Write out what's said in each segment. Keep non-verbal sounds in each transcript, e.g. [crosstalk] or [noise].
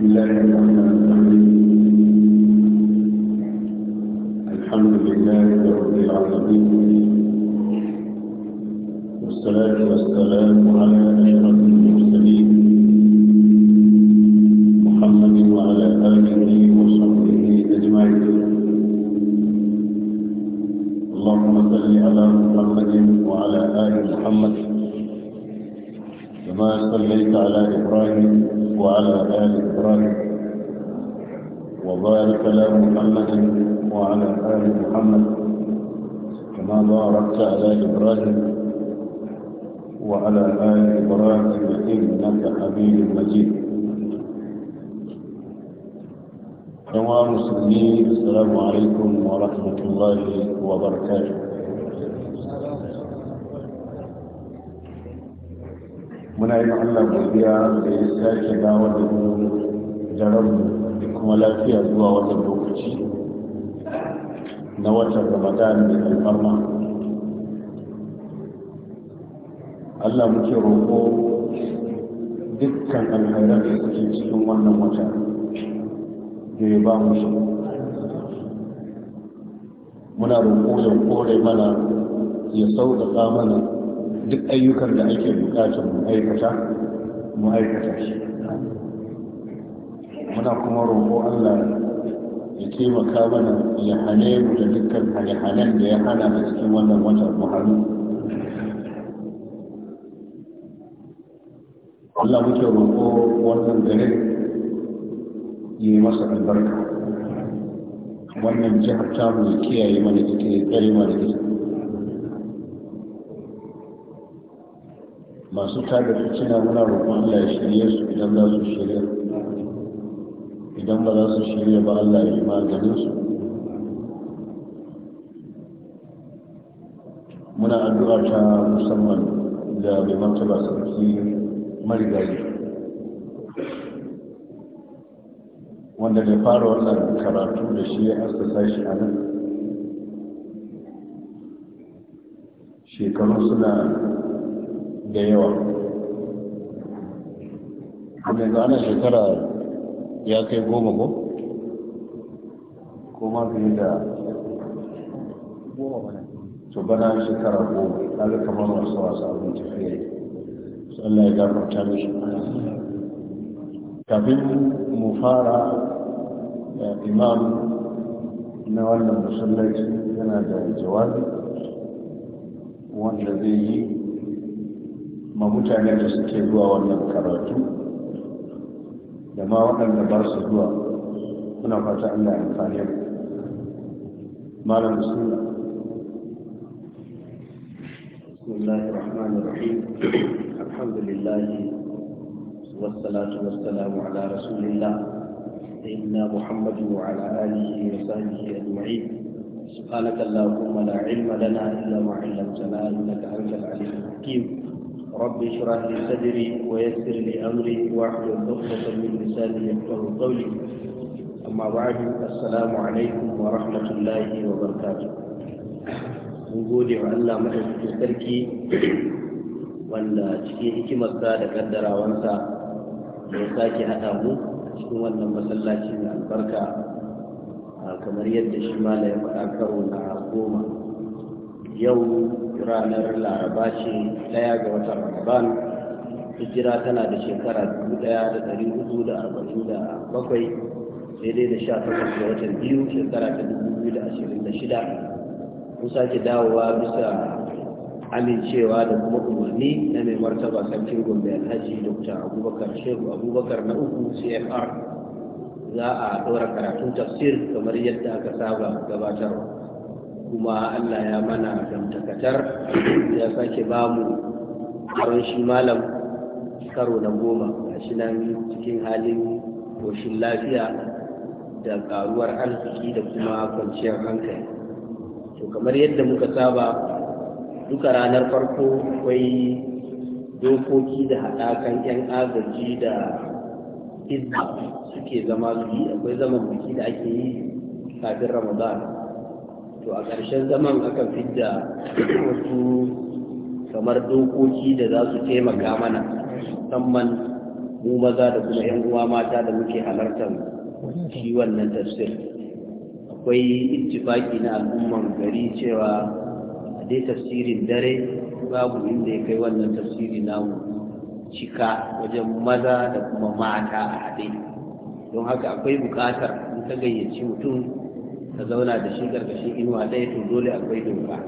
بسم الله الرحمن الرحيم الحمد لله رب العالمين والصلاة والسلام على أشرف المرسلين محمد وعلى آله وصحبه أجمعين اللهم صل على محمد وعلى آل محمد كما صليت على إبراهيم وعلى آل إبراهيم وبارك على محمد وعلى آل محمد كما باركت على إبراهيم وعلى آل إبراهيم إنك حميد مجيد كما مسلمين السلام عليكم ورحمة الله وبركاته muna yi Allah godiya da ya sake dawo da mu jaranmu da kuma lafiya zuwa wannan lokaci na watan Ramadan da alfarma Allah muke roƙo dukkan alhairar da suke cikin wannan wata da ya ba mu shi muna roƙo ya kore mana ya sauƙaƙa mana duk ayyukan da ake bukatar mu aikata mu aikata shi muna kuma roƙo Allah ya taimaka mana ya hane mu da dukkan hane-hanen da ya hana a cikin wannan wata muhammadu Allah muke roƙo wannan garin yi masa albarka wannan jihar tamu ya kiyaye mana ita ya tsare mana ita masu tada fitina muna roƙon Allah ya shirye su idan za su shirya idan ba za su shirya ba Allah ya yi maganin su muna addu'a ta musamman da mai martaba sarki marigayi wanda da fara wannan karatu da shi ya asa sashi a nan shekaru suna da yawa kuma yanzu ana shekara ya kai goma ko ko ma fiye da to bana shekara goma kaga kamar masu wasa abin tafiya su Allah ya gafarta mishi kafin mu fara eh, imam na wannan musallaci yana da jawabi wanda zai yi ma mutanen da suke zuwa wannan karatu da ma waɗanda ba su zuwa muna fata Allah ya amfani mu malam bismillah بسم الله الرحمن الرحيم الحمد لله والصلاة والسلام على رسول الله سيدنا محمد وعلى آله وصحبه أجمعين سبحانك اللهم لا علم لنا إلا ما علمتنا إنك أنت العليم الحكيم رب اشرح لي صدري ويسر لي امري واحلل عقدة من لساني يفقهوا قولي اما بعد السلام عليكم ورحمة الله وبركاته mun gode wa Allah madaukakin sarki wanda cikin hikimarsa da kaddarawansa ya sake haɗa mu cikin wannan masallaci mai albarka kamar yadda shi mala ya faɗa na goma yau ranar laraba ce daya ga watan ramadan hijira tana da shekara dubu daya da dari hudu da arba'in da bakwai daidai da sha takwas ga watan biyu shekara ta dubu biyu da ashirin da shida mun sake dawowa bisa amincewa da kuma umarni na mai martaba sarkin gombe alhaji dr abubakar shehu abubakar na uku cfr za a ɗora karatun tafsir kamar yadda aka saba gabatarwa kuma Allah ya mana damtakatar ya sake ba mu karon shi malam karo na goma a shi nan cikin halin koshin lafiya da karuwar arziki da kuma kwanciyar hankali to kamar yadda muka saba duka ranar farko akwai dokoki da haɗakan 'yan agaji da izba suke zama zuri akwai zaman biki da ake yi kafin ramadan to a ƙarshen zaman aka fidda wasu kamar dokoki da za su taimaka mana musamman mu maza da kuma 'yan uwa mata da muke halartar shi wannan tafsir akwai ittifaki na al'umman gari cewa a dai tafsirin dare babu inda ya kai wannan tafsiri namu cika wajen maza da kuma mata a haɗe don haka akwai buƙatar in ka gayyaci mutum ka zauna da shi ƙarƙashin inuwa ɗaya to dole akwai doka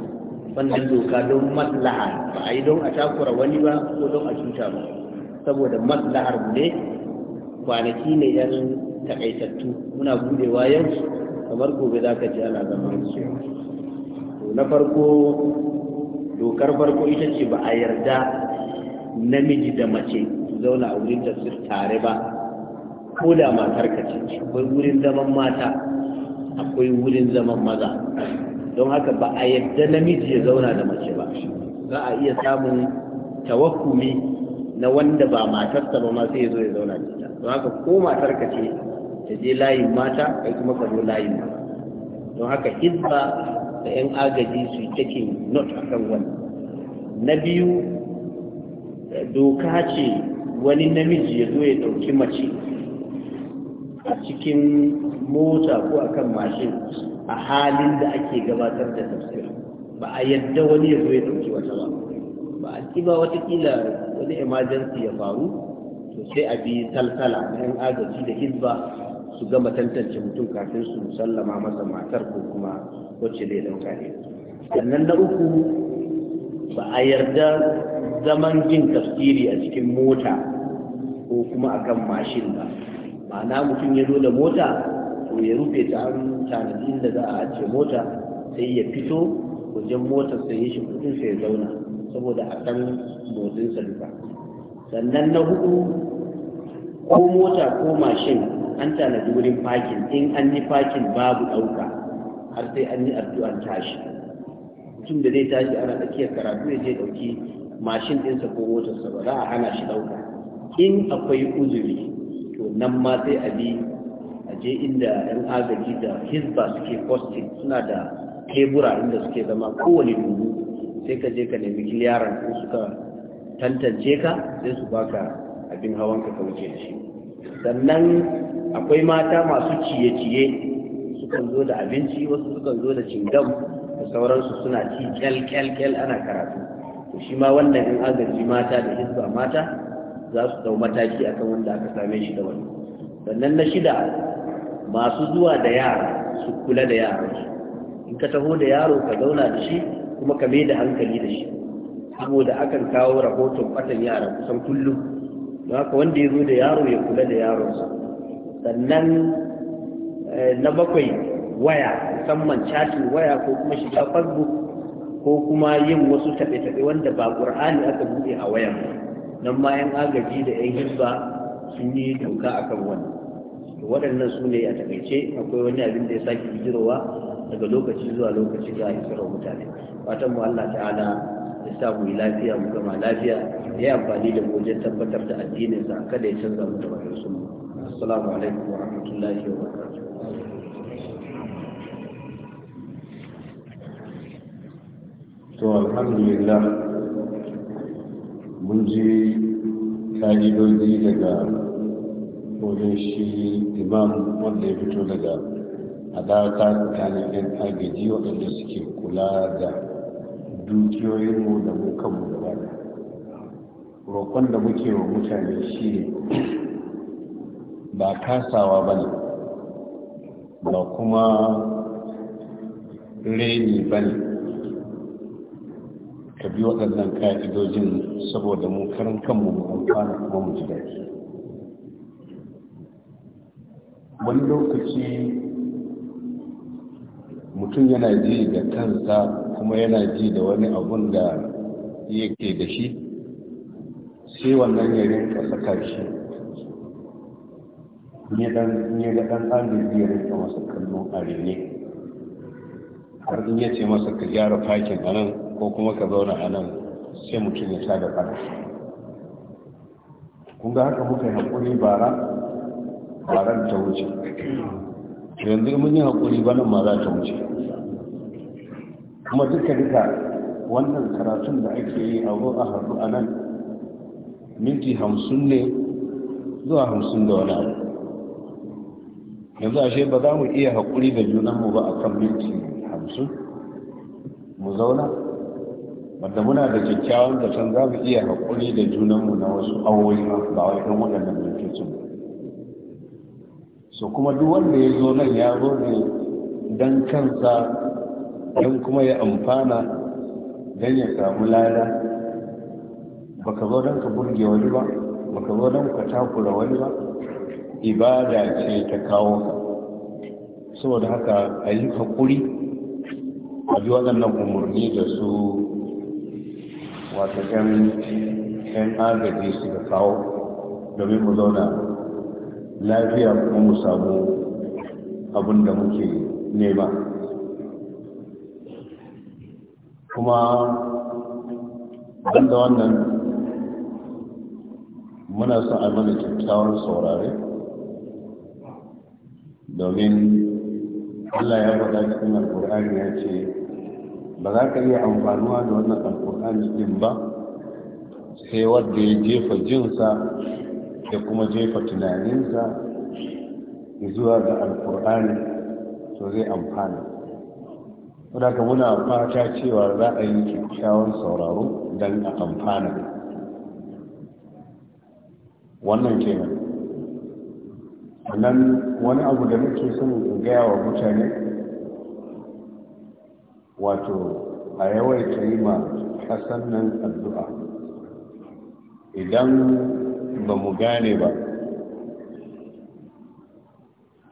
wannan doka don maslaha ba a yi don a takura wani ba ko don a cuta ba saboda maslahar mu ne kwanaki ne yan takaitattu muna budewa yau kamar gobe za ka ji ana zama to na farko dokar farko ita ce ba a yarda namiji da mace zauna a wurin tafsir tare ba ko da matar ka ce akwai wurin zaman mata akwai wurin zaman maza don haka ba a yadda namiji ya zauna da mace ba za a iya samun tawakkumi na wanda ba matarsa ba ma sai ya zo ya zauna da ita don haka ko matar ka ce ta je layin mata kai kuma ka zo layin mata don haka hizba da yan agaji su yi taking not akan wani na biyu doka ce wani namiji ya zo ya ɗauki mace cikin mota ko akan mashin a halin da ake gabatar da tafsir ba a yadda wani ya zoye dauki wata ba ba a ci ba watakila wani emergency ya faru to sai a bi salsala yan agaji da hizba su gama tantance mutum kafin su sallama masa matar ko kuma wacce zai dauka ne sannan na uku ba a yarda zaman jin tafsiri a cikin mota ko kuma akan mashin ba ma'ana mutum ya zo da mota to ya rufe ta an tanadi da za a ajiye mota sai ya fito wajen motar sai ya shiga kudin sai ya zauna saboda a kan motsin duka sannan na hudu ko mota ko mashin an tanadi wurin fakin in an yi fakin babu ɗauka har sai an yi addu'an tashi mutum da zai tashi ana tsakiyar karatu ya je ɗauki mashin ɗinsa ko motarsa ba za a hana shi ɗauka in akwai uzuri nan ma sai a bi a je inda yan agaji da hisba suke posting suna da tebura inda suke zama kowane dubu sai ka je ka nemi kiliyaran ko suka tantance ka sai su baka abin hawan ka kauce da shi sannan akwai mata masu ciye-ciye sukan zo da abinci wasu sukan zo da cingam da sauransu suna ci kyalkyalkyal ana karatu to shi ma wannan in agaji mata da hisba mata za su dau mataki akan wanda aka same shi da wani sannan na shida masu zuwa da yara su kula da yara. in ka taho da yaro ka zauna da shi kuma ka mai da hankali da shi saboda akan kawo rahoton kwatan yara kusan kullum don haka wanda ya zo da yaro ya kula da yaronsa sannan eh, na bakwai waya musamman catin waya ko kuma shiga facebook ko kuma yin wasu taɓe-taɓe wanda ba ƙur'ani aka buɗe a wayan ba nan ma yan agaji da yan hisba sun yi doka a wani wannan waɗannan su ne a takaice akwai wani abin da ya sake bijirowa daga lokaci zuwa lokaci za a hisarar mutane fatan mu Allah ta'ala ya sa mu yi lafiya mu gama lafiya ya yi amfani da mu wajen tabbatar da addininsa kada ya canza mu da bayan sun mu assalamu alaikum wa rahmatullahi wa barakatuh to alhamdulillah mun ji ka'idoji daga wajen shi imam wanda ya fito daga adaka tsakanin yan agaji waɗanda suke kula da dukiyoyinmu da mu kanmu bada roƙon da muke wa mutane shi ba kasawa ba ne ba kuma reni ba ne ka bi waɗannan ka'idojin saboda mu karan kanmu mu amfana kuma mu ji daɗi wani lokaci mutum yana ji da kansa kuma yana ji da wani abun da yake da shi sai wannan ya rinka saka shi ne da ɗan ɗan ya rinka masa kallon a har in ya ce masa ka gyara fakin a nan ko kuma ka zauna a nan sai mutum ya ta da fada kun ga haka muka yi haƙuri bara baran ta wuce yanzu mun yi haƙuri nan ma za ta wuce kuma duka duka wannan karatun da ake yi a ruwa haɗu a nan minti hamsin ne zuwa hamsin da wani abu yanzu ashe ba za mu iya haƙuri da junanmu ba a kan minti hamsin mu zauna wanda muna da kyakkyawan zaton za mu iya haƙuri da junanmu na wasu awoyi ba wai ɗan waɗannan so kuma duk wanda ya zo nan ya zo ne don kansa don kuma ya amfana don ya samu lada baka zo don ka burge wani ba baka zo don ka takura wani ba ibada ce ta kawo ka saboda haka a yi haƙuri a ji waɗannan umarni da su wata yan agaji su da kawo domin mu zauna lafiya kuma mu samu abin da muke nema kuma da wannan muna son albani kyakkyawar saurare domin Allah ya faɗa cikin alƙur'ani ya ce ba za ka iya amfanuwa da wannan alkur'ani din ba sai wadda ya jefa jinsa da kuma jefa tunaninsa zuwa ga alkur'ani to zai amfana wadda muna fata cewa za a yi kyakkyawan sauraro don a amfana wannan kenan nan wani abu da nake son gaya wa mutane wato a yawai yi ma hasan nan addu'a idan ba mu gane ba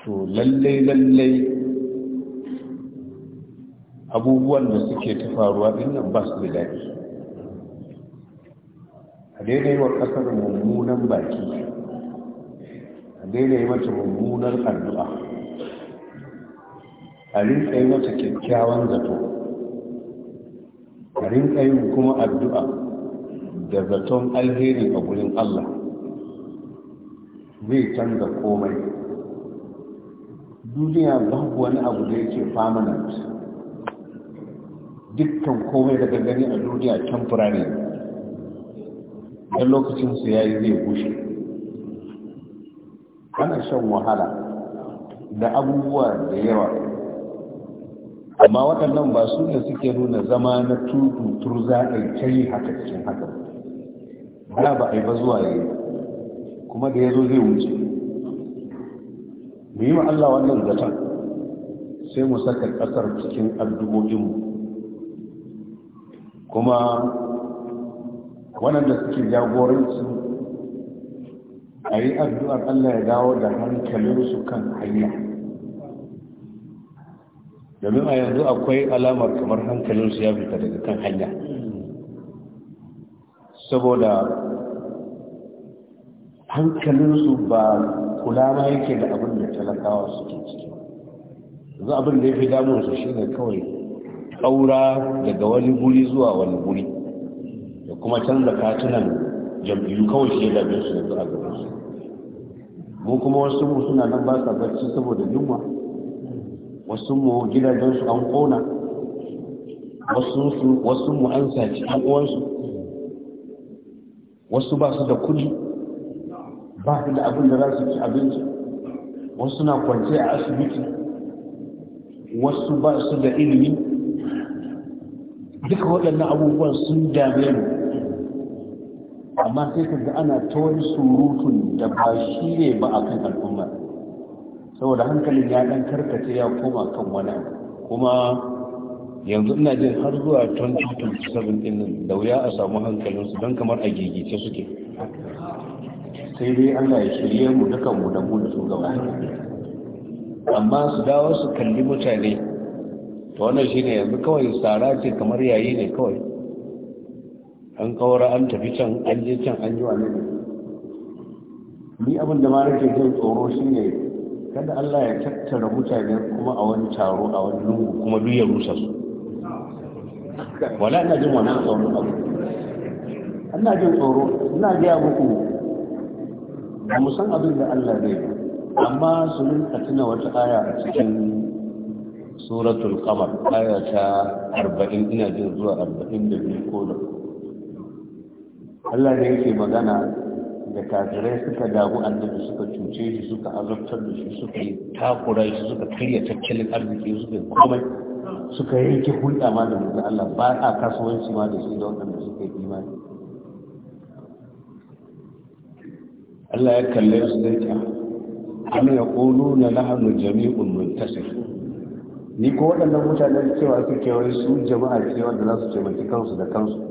to lallai lallai abubuwan da suke ta faruwa dinnan ba su da daɗi a daidai wa ƙasar mummunan baki a daidai mata mummunar addu'a a rinƙai mata kyakkyawan zato karin yin kuma addu'a da zaton alheri a gurin Allah zai canza komai duniya babu wani abu da yake permanent dukkan komai daga gani a duniya temporary dan lokacin su yayi zai bushe ana shan wahala da abubuwa da yawa amma waɗannan ba su ne suke nuna zama na tudu turza a kai haka cikin haka ba ba a yi ba zuwa yi kuma da ya zo zai wuce mu yi wa Allah wannan zaton sai mu saka ƙasar cikin addu'o'inmu kuma wannan da suke jagoranci a yi addu'ar Allah ya dawo da hankalinsu kan hanya domin a yanzu akwai alamar kamar hankalinsu ya fita daga kan hanya saboda hankalinsu ba kula ma yake da abin da talakawa suke ciki yanzu abin da ya fi damunsu shi ne kawai ƙaura daga wani guri zuwa wani guri da kuma canza katunan jam'iyyu kawai shi ya dame su yanzu a gabansu mu kuma wasu suna nan ba sa barci saboda yunwa wasu mu gidajen su an kona wasu su wasu mu an saci an uwansu wasu ba su da kuɗi ba su da abin da za su ci abinci wasu na kwance a asibiti wasu ba su da ilimi duka waɗannan abubuwan sun dame mu amma sai ka ga ana tori surutun da ba shi ne ba a kan al'ummar saboda hankalin ya dan karkace ya koma kan wani abu kuma yanzu ina jin har zuwa 2027 din da wuya a samu su don kamar a gigice suke sai dai allah ya shirye mu dukan mu da mu da su gaba amma su dawo su kalli mutane to wannan shine yanzu kawai tsara ce kamar yayi ne kawai an kawara an tafi can an je can an yi wa ne ni abin da ma nake jin tsoro shine kada Allah ya tattara mutane kuma a wani taro a wani lungu kuma duk ya rusa su wala ina jin wannan tsoro abu ina jin tsoro ina ga muku ba mu san abin da Allah zai yi amma su rinka tuna wata aya a cikin suratul qamar aya ta 40 ina jin zuwa 42 ko da Allah ne yake magana da kafirai suka damu annabi suka cuce shi suka azabtar da shi suka yi takura shi suka karya tattalin arziki suka yi komai suka yanke hulɗa ma da mutum Allah ba a kasuwanci ma da shi da waɗanda suka yi imani Allah ya kalle su da ta an ya ƙolo na lahanu jami'un muntasir ni ko waɗannan mutanen cewa suke wani su jama'a cewa da za su taimaki kansu da kansu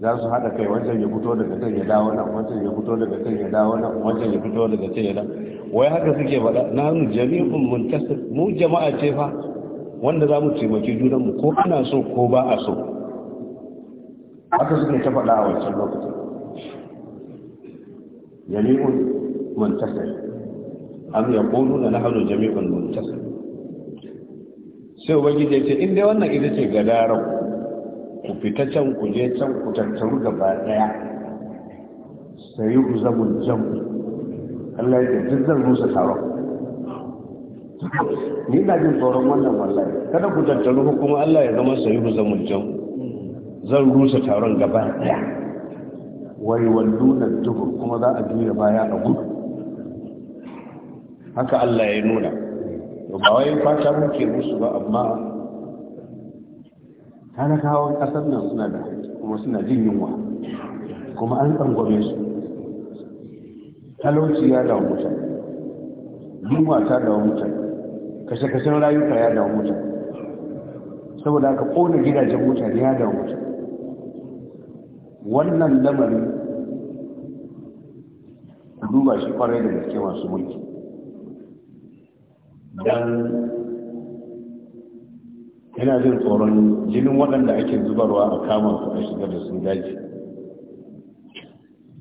za su haɗa kai wancan ya fito daga kan ya dawo nan wancan ya fito daga kan ya dawo nan wancan ya fito daga kan ya dawo wai haka suke faɗa na hannu jami'un muntasir mu jama'a ce fa wanda za mu taimaki mu ko ana so ko ba a so haka suke ta faɗa a wancan lokacin jami'un muntasir am ya ƙonu na hannu jami'un muntasir sai ubangiji ya ce inda wannan ita ce gadarau ku fita can ku je can ku tattaru gaba daya sai ku zama jam Allah ya ji zan rusa taron ni na jin tsoron wannan wallahi kada ku tattaru hukuma Allah ya zama sai ku zama jam zan rusa taron gaba daya wai walluna dubu kuma za a jira baya a gudu haka Allah ya nuna ba wai fata muke musu ba amma kawo ƙasar nan suna da kuma suna jin yunwa kuma an tsangwame su talauci ya dawo mutum yunwa ta dawo mutum kashe-kashen rayuka ya dawo mutum saboda aka kona gidajen mutane ya dawo mutum wannan lamarin duba shi kwarai da gaske masu mulki don yana jin tsoron jinin waɗanda ake zubarwa a kama su a shiga da sun daji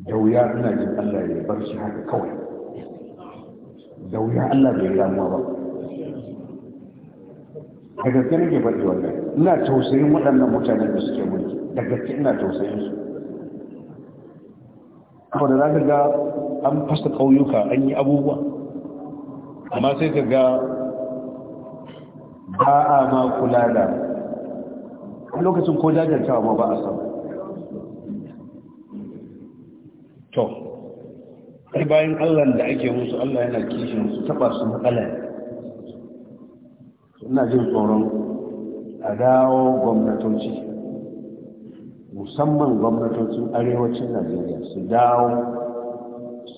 da wuya ina jin allah ya bar shi haka kawai da wuya allah bai ramuwa ba da gaske nake faɗi wannan ina tausayin waɗannan mutanen da suke mulki da gaske ina tausayin su da za ka ga an fasa ƙauyuka an yi abubuwa amma sai ka ga ba a ma kula da lokacin ko jajantawa ma ba a sama. to ai bayan allah da ake musu allah yana kishin su taba su matsala ina jin tsoron a dawo gwamnatoci musamman gwamnatocin arewacin najeriya su dawo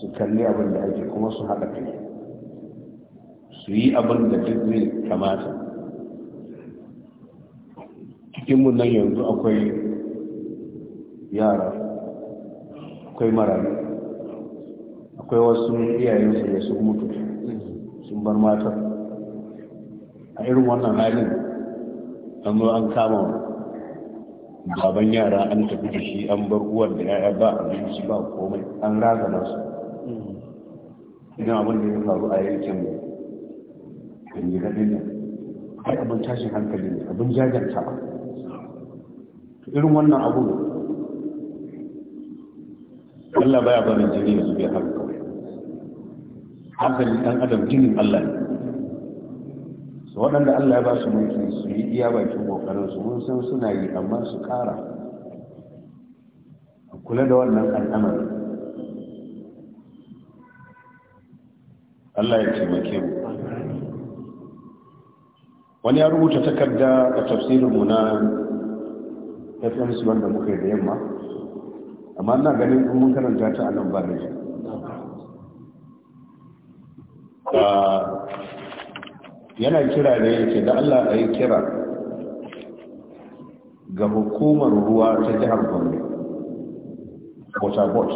su kalli abin da ake kuma su haɗa kai su yi abin da duk zai kamata cikinmu nan yanzu akwai yara akwai marayu akwai wasu su da sun mutu sun bar mata a irin wannan halin an zo an kama baban yara an tafi da shi an bar uwar da yaya ba a shi ba komai an razana su idan abin da ya faru a yankin kan yi gaɗin abin tashin hankali ne abin jajanta ba irin wannan abu Allah baya barin jini ya zube har kawai hankali ɗan adam jinin Allah ne su waɗanda Allah ya ba su mulki su yi iya bakin kokarin su mun san suna yi amma su ƙara kula da wannan al'amari Allah ya taimake mu wani ya rubuta takarda a tafsirin mu na fms wanda muka yi da yamma amma ina ganin in mun karanta ta a nan ba da ah, yana kira da yake da allah a yi kira ga hukumar ruwa ta jihar gombe portabot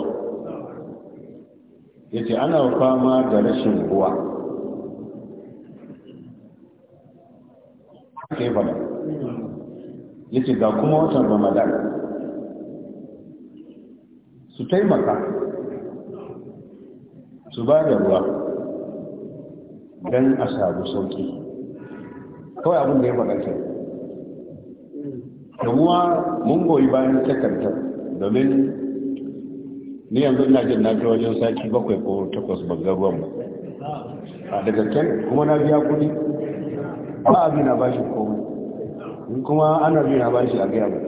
ya ce ana fama da rashin ruwa ke yace ga kuma watan ramadan su taimaka su ba da ruwa don a sabu sauki kawai abin da ya bakanta Da ruwa mun goyi bayan takardar domin ni yanzu ina jin na ta wajen saki bakwai ko takwas bangar ruwan ba a daga kyan kuma na biya kudi ba abin na ba shi komai in kuma ana biyu na bashi a gaya ba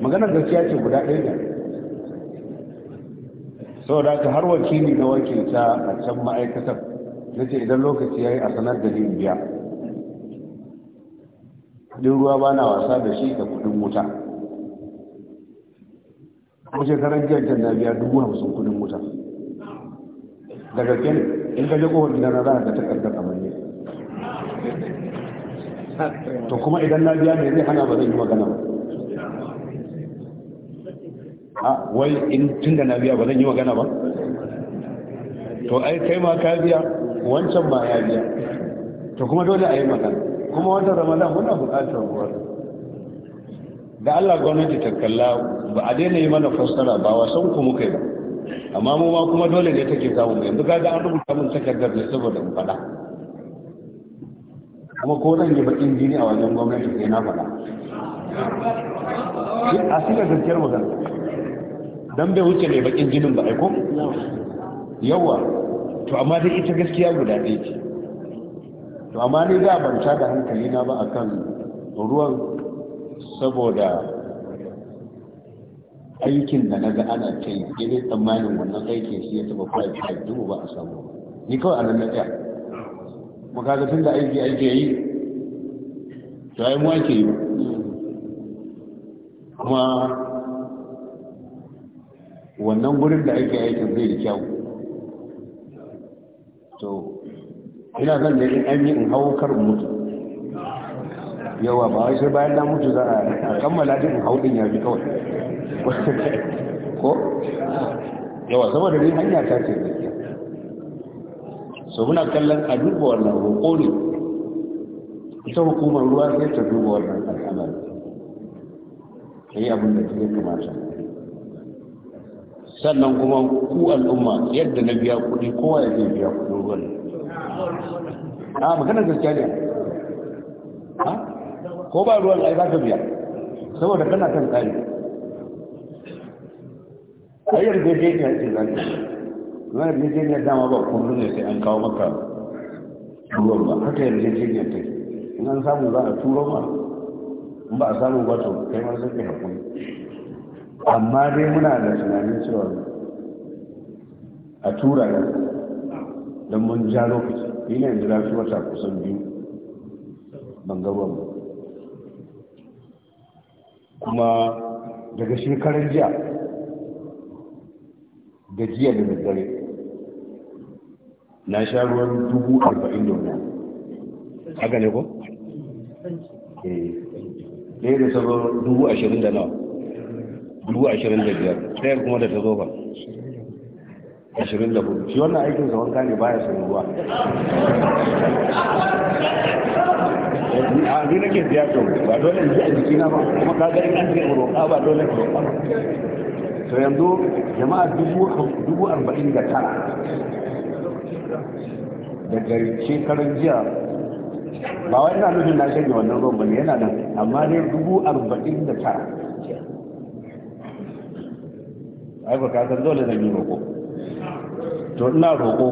maganar gaskiya ce guda ɗaya Sau da ka haka har wakili na wakilta a can ma'aikatar na ce idan lokaci ya yi a sanar da jin biya kudin ruwa ba na wasa da shi da kudin wuta ko shekarar jiyar na biya dubu hamsin kudin wuta daga kyan in ka je kowar na za a ga takardar amai to kuma idan na biya mai hana ba zai yi magana ba a ah, wai in tun da na biya ba zan yi magana ba to ai kai ma ka biya wancan ba ya biya to kuma dole a yi magana kuma wata ramadan muna buƙatar ruwa da Allah gwamnati ta kalla ba a daina yi mana fassara ba wasan ku muka yi ba amma mu ma kuma dole ne take zamu yanzu da an rubuta mun takardar ne saboda mu faɗa kuma ko zan yi bakin jini a wajen gwamnati sai na faɗa a suka gaskiyar wajen don bai wuce mai bakin jinin ba aiko yawa to amma dai ita gaskiya guda ɗaya ce to amma ni za a banta da hankali na ba akan ruwan saboda aikin da na ga ana ta yi tsammanin wannan aikin shi ya taba kwaye dubu ba a samu ni kawai a nan na tsaya kuma tun da aiki ake yi to ai mu ake yi kuma wannan gurin da ake aiki zai da kyau to ina zan da in an yi in hau karin mutu yawa ba wai sai bayan na mutu za a kammala din in hau din ya fi kawai [laughs] ko yawa saboda ni hanya ta ce so muna kallon a duba wannan roƙo ne ita hukumar ruwa sai ta duba wannan al'amari ta yi abin da ta kamata sannan kuma ku al'umma yadda na biya kuɗi kowa ya zai biya kuɗin ruwan a maganar gaskiya ne ko ba ruwan ai za ka biya saboda kana kan tsari ayyar daidai ne ake zaki zuwa yarjejeniyar dama ba kullum ne sai an kawo maka ruwan ba haka yarjejeniyar ta in an samu za a turo ma ba a samu ba kai ma sai ka hakuri amma dai muna da tunanin cewa a tura nan don mun ja lokaci ni ne yanzu na wata kusan biyu ban ga ruwan kuma daga shekarun jiya da jiya da daddare na sha ruwan dubu arba'in da wani haka ne ko? ne eh. da sabon dubu ashirin da nawa dubu ashirin da biyar ɗaya kuma da ta zo ba ashirin da hudu shi wannan aikin zaman wanka baya sun ruwa a eh, ni nake biya to ba dole in a jikina ba kuma ka ga ina cikin roƙa ba dole ne roƙa to yanzu jama'a dubu arba'in da tara Da daga shekaran jiya ba wai ina nufin na shanye wannan ruwan bane yana nan amma ne dubu arba'in da tara ai ba ka san dole zan yi roƙo to ina roƙo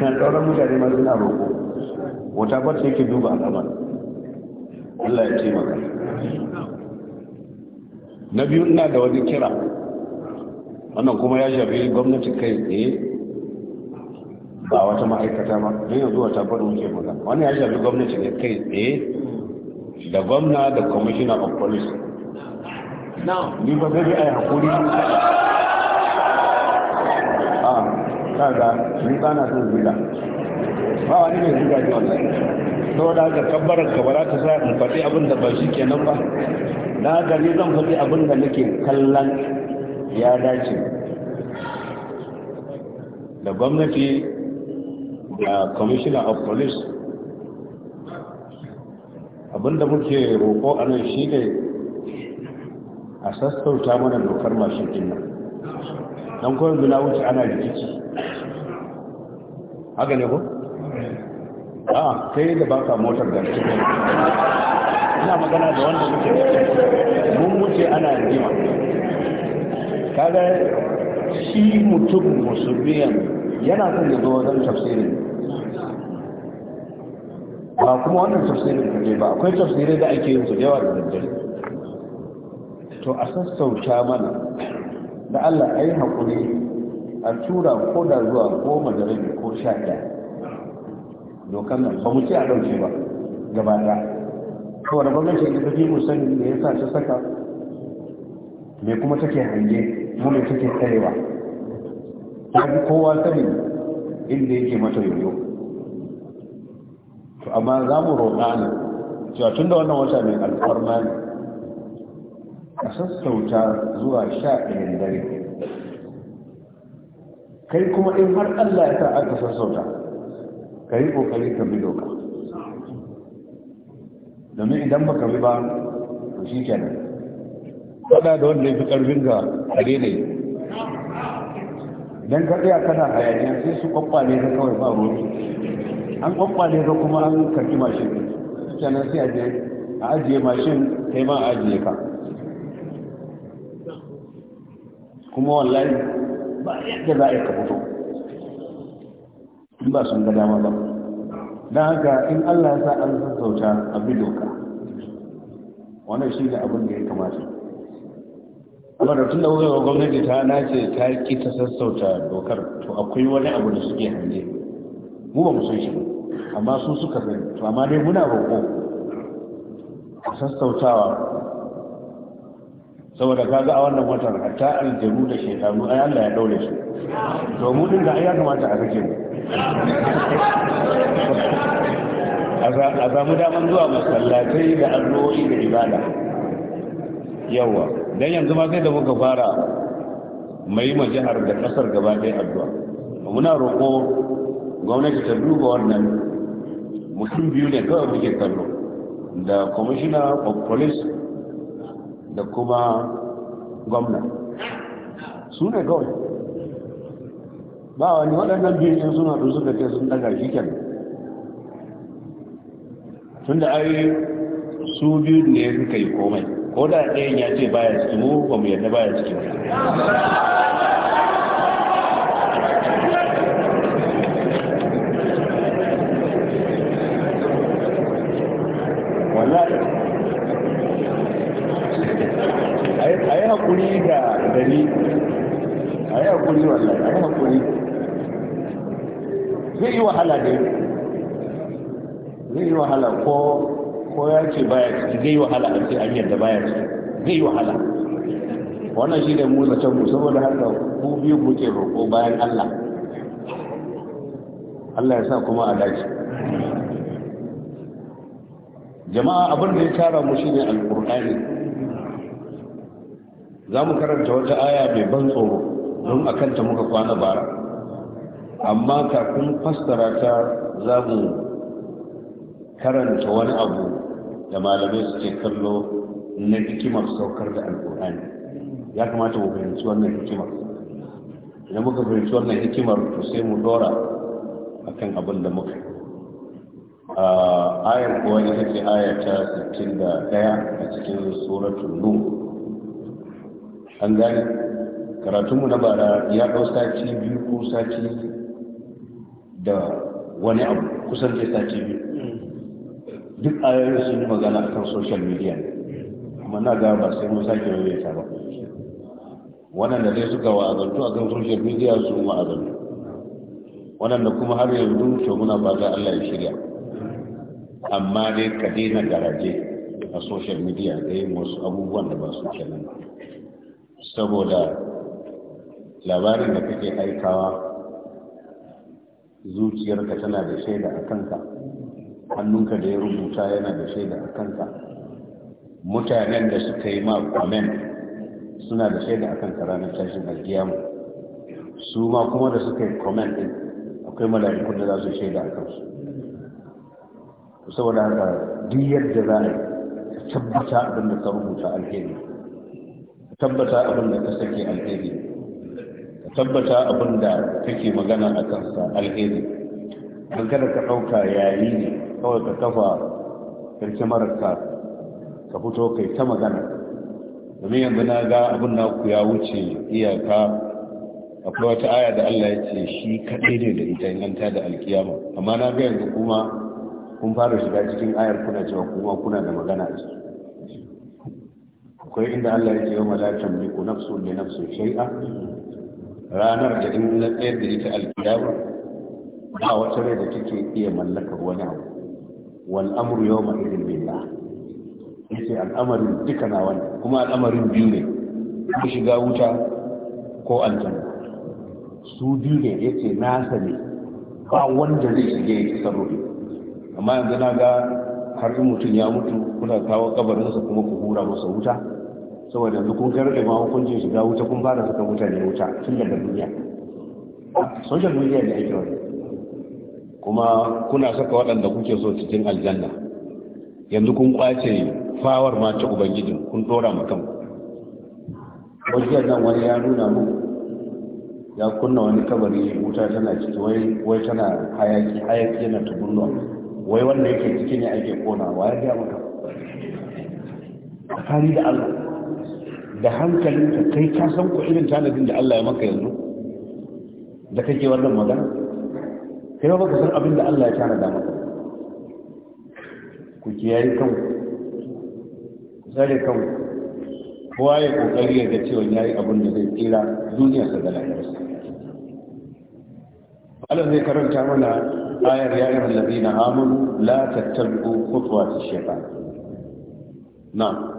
na tsoron mutane ma ina roƙo wata ba ta yake duba al'amar Allah ya ce maka na biyu ina da wani kira wannan kuma ya shafi gwamnati kai tsaye ba wata ma'aikata ba don yanzu wata barin muke magana wani ya shafi gwamnati ne kai tsaye da gwamna da commissioner of police ni ba zai biya hakuri a ah, kaga ni ba na son zuga ba wani mai zuga ne wannan da ga kabbarar ka ba za ta sa in faɗi abin da ba shi kenan ba na gani ni zan faɗi abin da nake kallon ya dace da gwamnati da commissioner of police abinda muke roƙo a nan shi ne a sassauta mana dokar mashin din nan don kawai bila wuce ana rikici haka ne ko? a kai da baka motar da cikin ina magana da wanda muke mun muke ana rikima kaga shi mutum musulmiyan yana son ya zo wajen tafsirin ba kuma wannan tafsirin kuɗe ba akwai tafsirai da ake yin su yawa da daddare to a sassauta mana da allah a yi haƙuri a tura ko da zuwa goma da rabi ko sha ɗaya dokan nan ba mu ce a ɗauke ba gaba ɗaya kawai gwamnati da tafi mu sani da ya sa ta saka me kuma take hange mu ne take tsarewa ta kowa sani inda yake mata yoyo amma za mu roƙa ne cewa tun da wannan wata mai alfarma ne a sassauta zuwa sha ɗayan dare kai kuma in har allah ya sa aka sassauta ka yi ƙoƙari ka bi doka domin idan ba ka bi ba ku shi kenan faɗa da wanda ya fi ƙarfin ga kare ne idan ka tsaya kana hayaniya sai su kwakwale ta kawai ba ruwan an kwakwale ka kuma an karki mashin sannan sai a ajiye mashin kai ma ajiye ka kuma wallahi ba yadda za a yi ka fito in ba sun ga dama ba don haka in allah ya sa an sassauta a bi doka wannan shi ne abin da ya kamata amma da tun da wuzewa gwamnati ta nace ta ki ta sassauta dokar to akwai wani abu da suke hange mu ba mu san shi ba amma su suka sani to amma dai muna roƙo a sassautawa saboda kaga a wannan watan hatta aljanu da shekaru ai Allah ya daure su to mu din da ai ya kamata a sake mu a samu daman zuwa masallatai da addu'o'i da ibada yawa dan yanzu ma sai da muka fara mai ma jihar da kasar gaba ɗaya addu'a muna roƙo gwamnati ta duba wannan mutum biyu ne kawai muke kallo da commissioner of police da kuma gwamna su ne kawai ba wani waɗannan biyu sun suna ɗin suka ce sun daga shi kyan tun da ai su biyu ne suka yi komai ko da ɗayan ya ce baya cikin mu ba mu yadda baya cikin gani a yi haƙuri wallahi a yi haƙuri zai yi wahala dai zai yi wahala ko ko ya ce baya ciki zai yi wahala a ce an yadda baya ciki zai yi wahala wannan shi da musa can musa wadda haka ku biyu buke roƙo bayan Allah Allah ya sa kuma a daji jama'a abin da ya tara mu shi ne alƙur'ani za mu karanta wata aya mai ban tsoro don a kanta muka kwana bara amma kafin fassara ta za mu karanta wani abu da malamai suke kallo na hikimar saukar da alkur'ani ya kamata mu fahimci wannan hikimar idan muka fahimci wannan hikimar to sai mu dora kan abin da muka ayar kuwa ita ce aya ta 61 a cikin suratul nuh an gane karatunmu na bara ya ɗau sati biyu ko sati da wani abu kusan da sati biyu duk ayoyin sun yi magana a kan social media amma na ga ba sai mun sake waiwaita ba da dai suka wa'azantu a kan social media sun wa'azantu da kuma har yanzu to muna fata Allah ya shirya amma dai ka daina garaje a social media da yin wasu abubuwan da ba su kenan saboda labarin da kake aikawa zuciyarka tana da shaida a kanka hannunka da ya rubuta yana da shaida a kanka mutanen da suka yi ma kwamen suna da shaida a kanka ranar tashin alkiyamu su ma kuma da suka yi kwamen din akwai mala'ikun da za su shaida a kansu saboda haka duk yadda za a tabbata abin da ka rubuta alheri tabbata abin da ka sake alheri ka tabbata abin da kake magana a kansa alheri an kada ka ɗauka yayi ne kawai ka kafa karki mararka ka fito kai ta magana domin yanzu na ga abin naku ya wuce iyaka akwai wata aya da Allah ya ce shi kaɗai ne da ita inganta da alkiyama amma na ga yanzu kuma kun fara shiga cikin ayar kuna cewa kuma kuna da magana a ciki akwai inda Allah ya ce wa malakan bi ku nafsu li nafsu shai'a. ranar da in na tsayar da ita alkiyama ba wata rai da take iya mallakar wani abu wal amru yawma idin billah yace al'amarin duka na wani kuma al'amarin biyu ne ko shiga wuta ko aljanna su biyu ne yace nasa ne ba wanda zai shige ya sarrufe amma yanzu na ga har mutum ya mutu kuna kawo kabarinsa kuma ku hura masa wuta saboda yanzu kun kai ma hukuncin shiga wuta kun fara suka mutane wuta tun daga duniya social media ne ake wani kuma kuna saka waɗanda kuke so cikin aljanna yanzu kun kwace fawar ma ta ubangijin kun dora ma wajen nan wani ya nuna mu ya kunna wani kabari wuta tana ciki wai wai tana hayaki hayaki yana tubullo wai wanda yake cikin ya ake kona wa ya ga maka tsakani da Allah da hankalinka kai ka san ku irin tanadin da Allah ya maka yanzu da kake wannan magana kai ba ka san abin da Allah ya tanada maka ku kiyaye kan ku tsare kan kowa ya kokari ya ga cewa yayi abin da zai tsira duniya sa da lafiyarsa Allah zai karanta mana ayar ya ayyuhal ladina amanu la tattabi'u khutuwatish shaytan na'am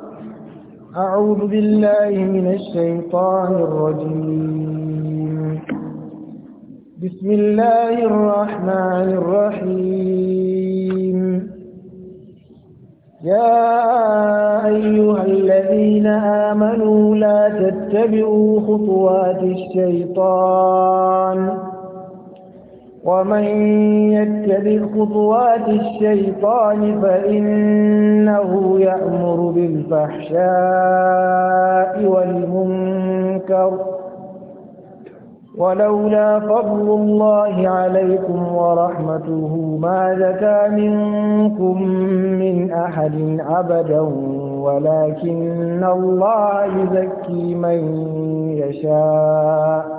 أعوذ بالله من الشيطان الرجيم بسم الله الرحمن الرحيم يا أيها الذين آمنوا لا تتبعوا خطوات الشيطان ومن يتبع خطوات الشيطان فإنه يأمر بالفحشاء والمنكر ولولا فضل الله عليكم ورحمته ما زكى منكم من أحد أبدا ولكن الله يزكي من يشاء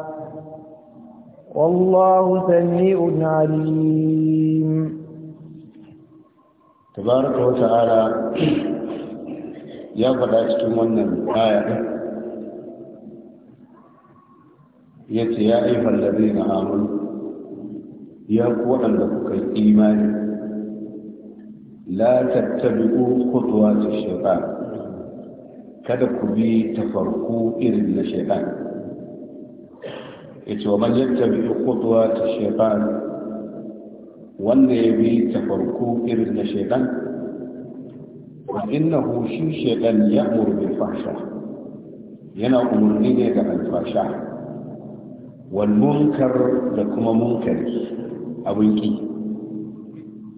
والله سميع عليم تبارك وتعالى يا فضائل من آية يا أيها الذين آمنوا يا قوة لك الإيمان لا تتبعوا خطوات الشيطان كذا كبير تفرقوا إذن الشيطان yace wa man yattabi khutuwat ta shaytan wanda ya bi ta farko irin na shaytan fa innahu shi shaytan ya bil fasha. yana umurni ne da al-fahsha wal munkar da kuma munkari abin ki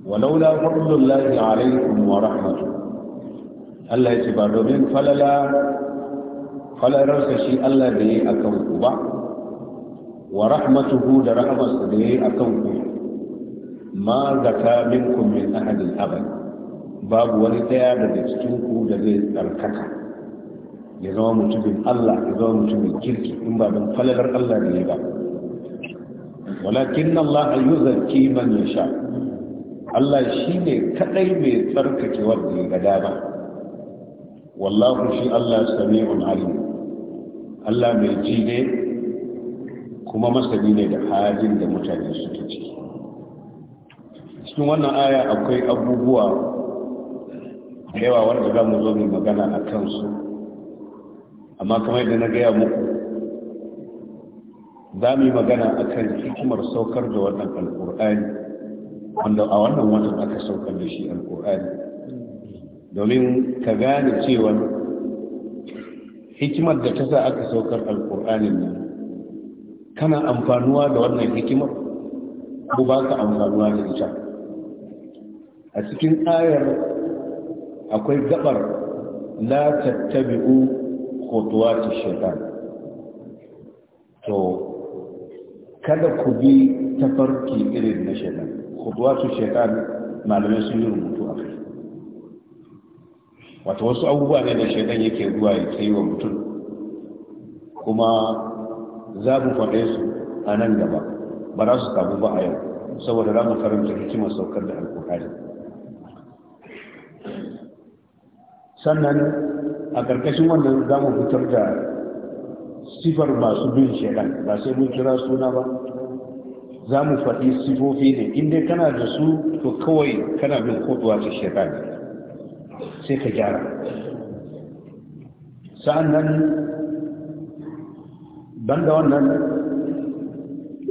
ولولا فضل الله wa rahmatu. Allah ya ce ba domin falala falararsa shi Allah da ya yi a kan ku ba wa rahmatuhu da rahmatsa da ya yi a kan ku ma zaka minkum min ahadin abad babu wani daya daga cikin ku da zai tsarkaka ya zama mutumin Allah ya zama mutumin kirki in ba don falalar Allah ne ba walakin Allah yuzakki man sha? Allah shi ne kaɗai mai tsarkake wanda ya gada ba wallahu shi Allah sami'un alim Allah mai ji ne kuma masani ne da halin da mutane suke ciki cikin wannan aya akwai abubuwa da yawa wanda za mu zo mai magana a kansu amma kamar yadda na gaya muku za mu yi magana a kan hikimar saukar da wannan alƙur'ani wanda a wannan watan aka saukar da shi alƙur'ani domin ka gane cewa hikimar da ta sa aka saukar alƙur'anin nan kana amfanuwa da wannan hikimar ko ba ka amfanuwa da ita a cikin ayar akwai gabar la tattabi'u khutuwati shaitan to kada ku bi tafarki irin na shaitan khutuwati shaitan malamai sun yi rubutu a kai wato wasu abubuwa ne da shaitan yake zuwa ya kai wa mutum kuma za mu faɗe su a nan gaba ba za su samu ba a yau saboda za mu karanta hikimar saukar da alkuhari sannan a ƙarƙashin wannan za mu fitar da sifar masu bin shaidan ba sai mun kira suna ba za mu faɗi sifofi ne inda kana da su to kawai kana bin kotuwa ta shaidan sai ka gyara sa'an nan banda wannan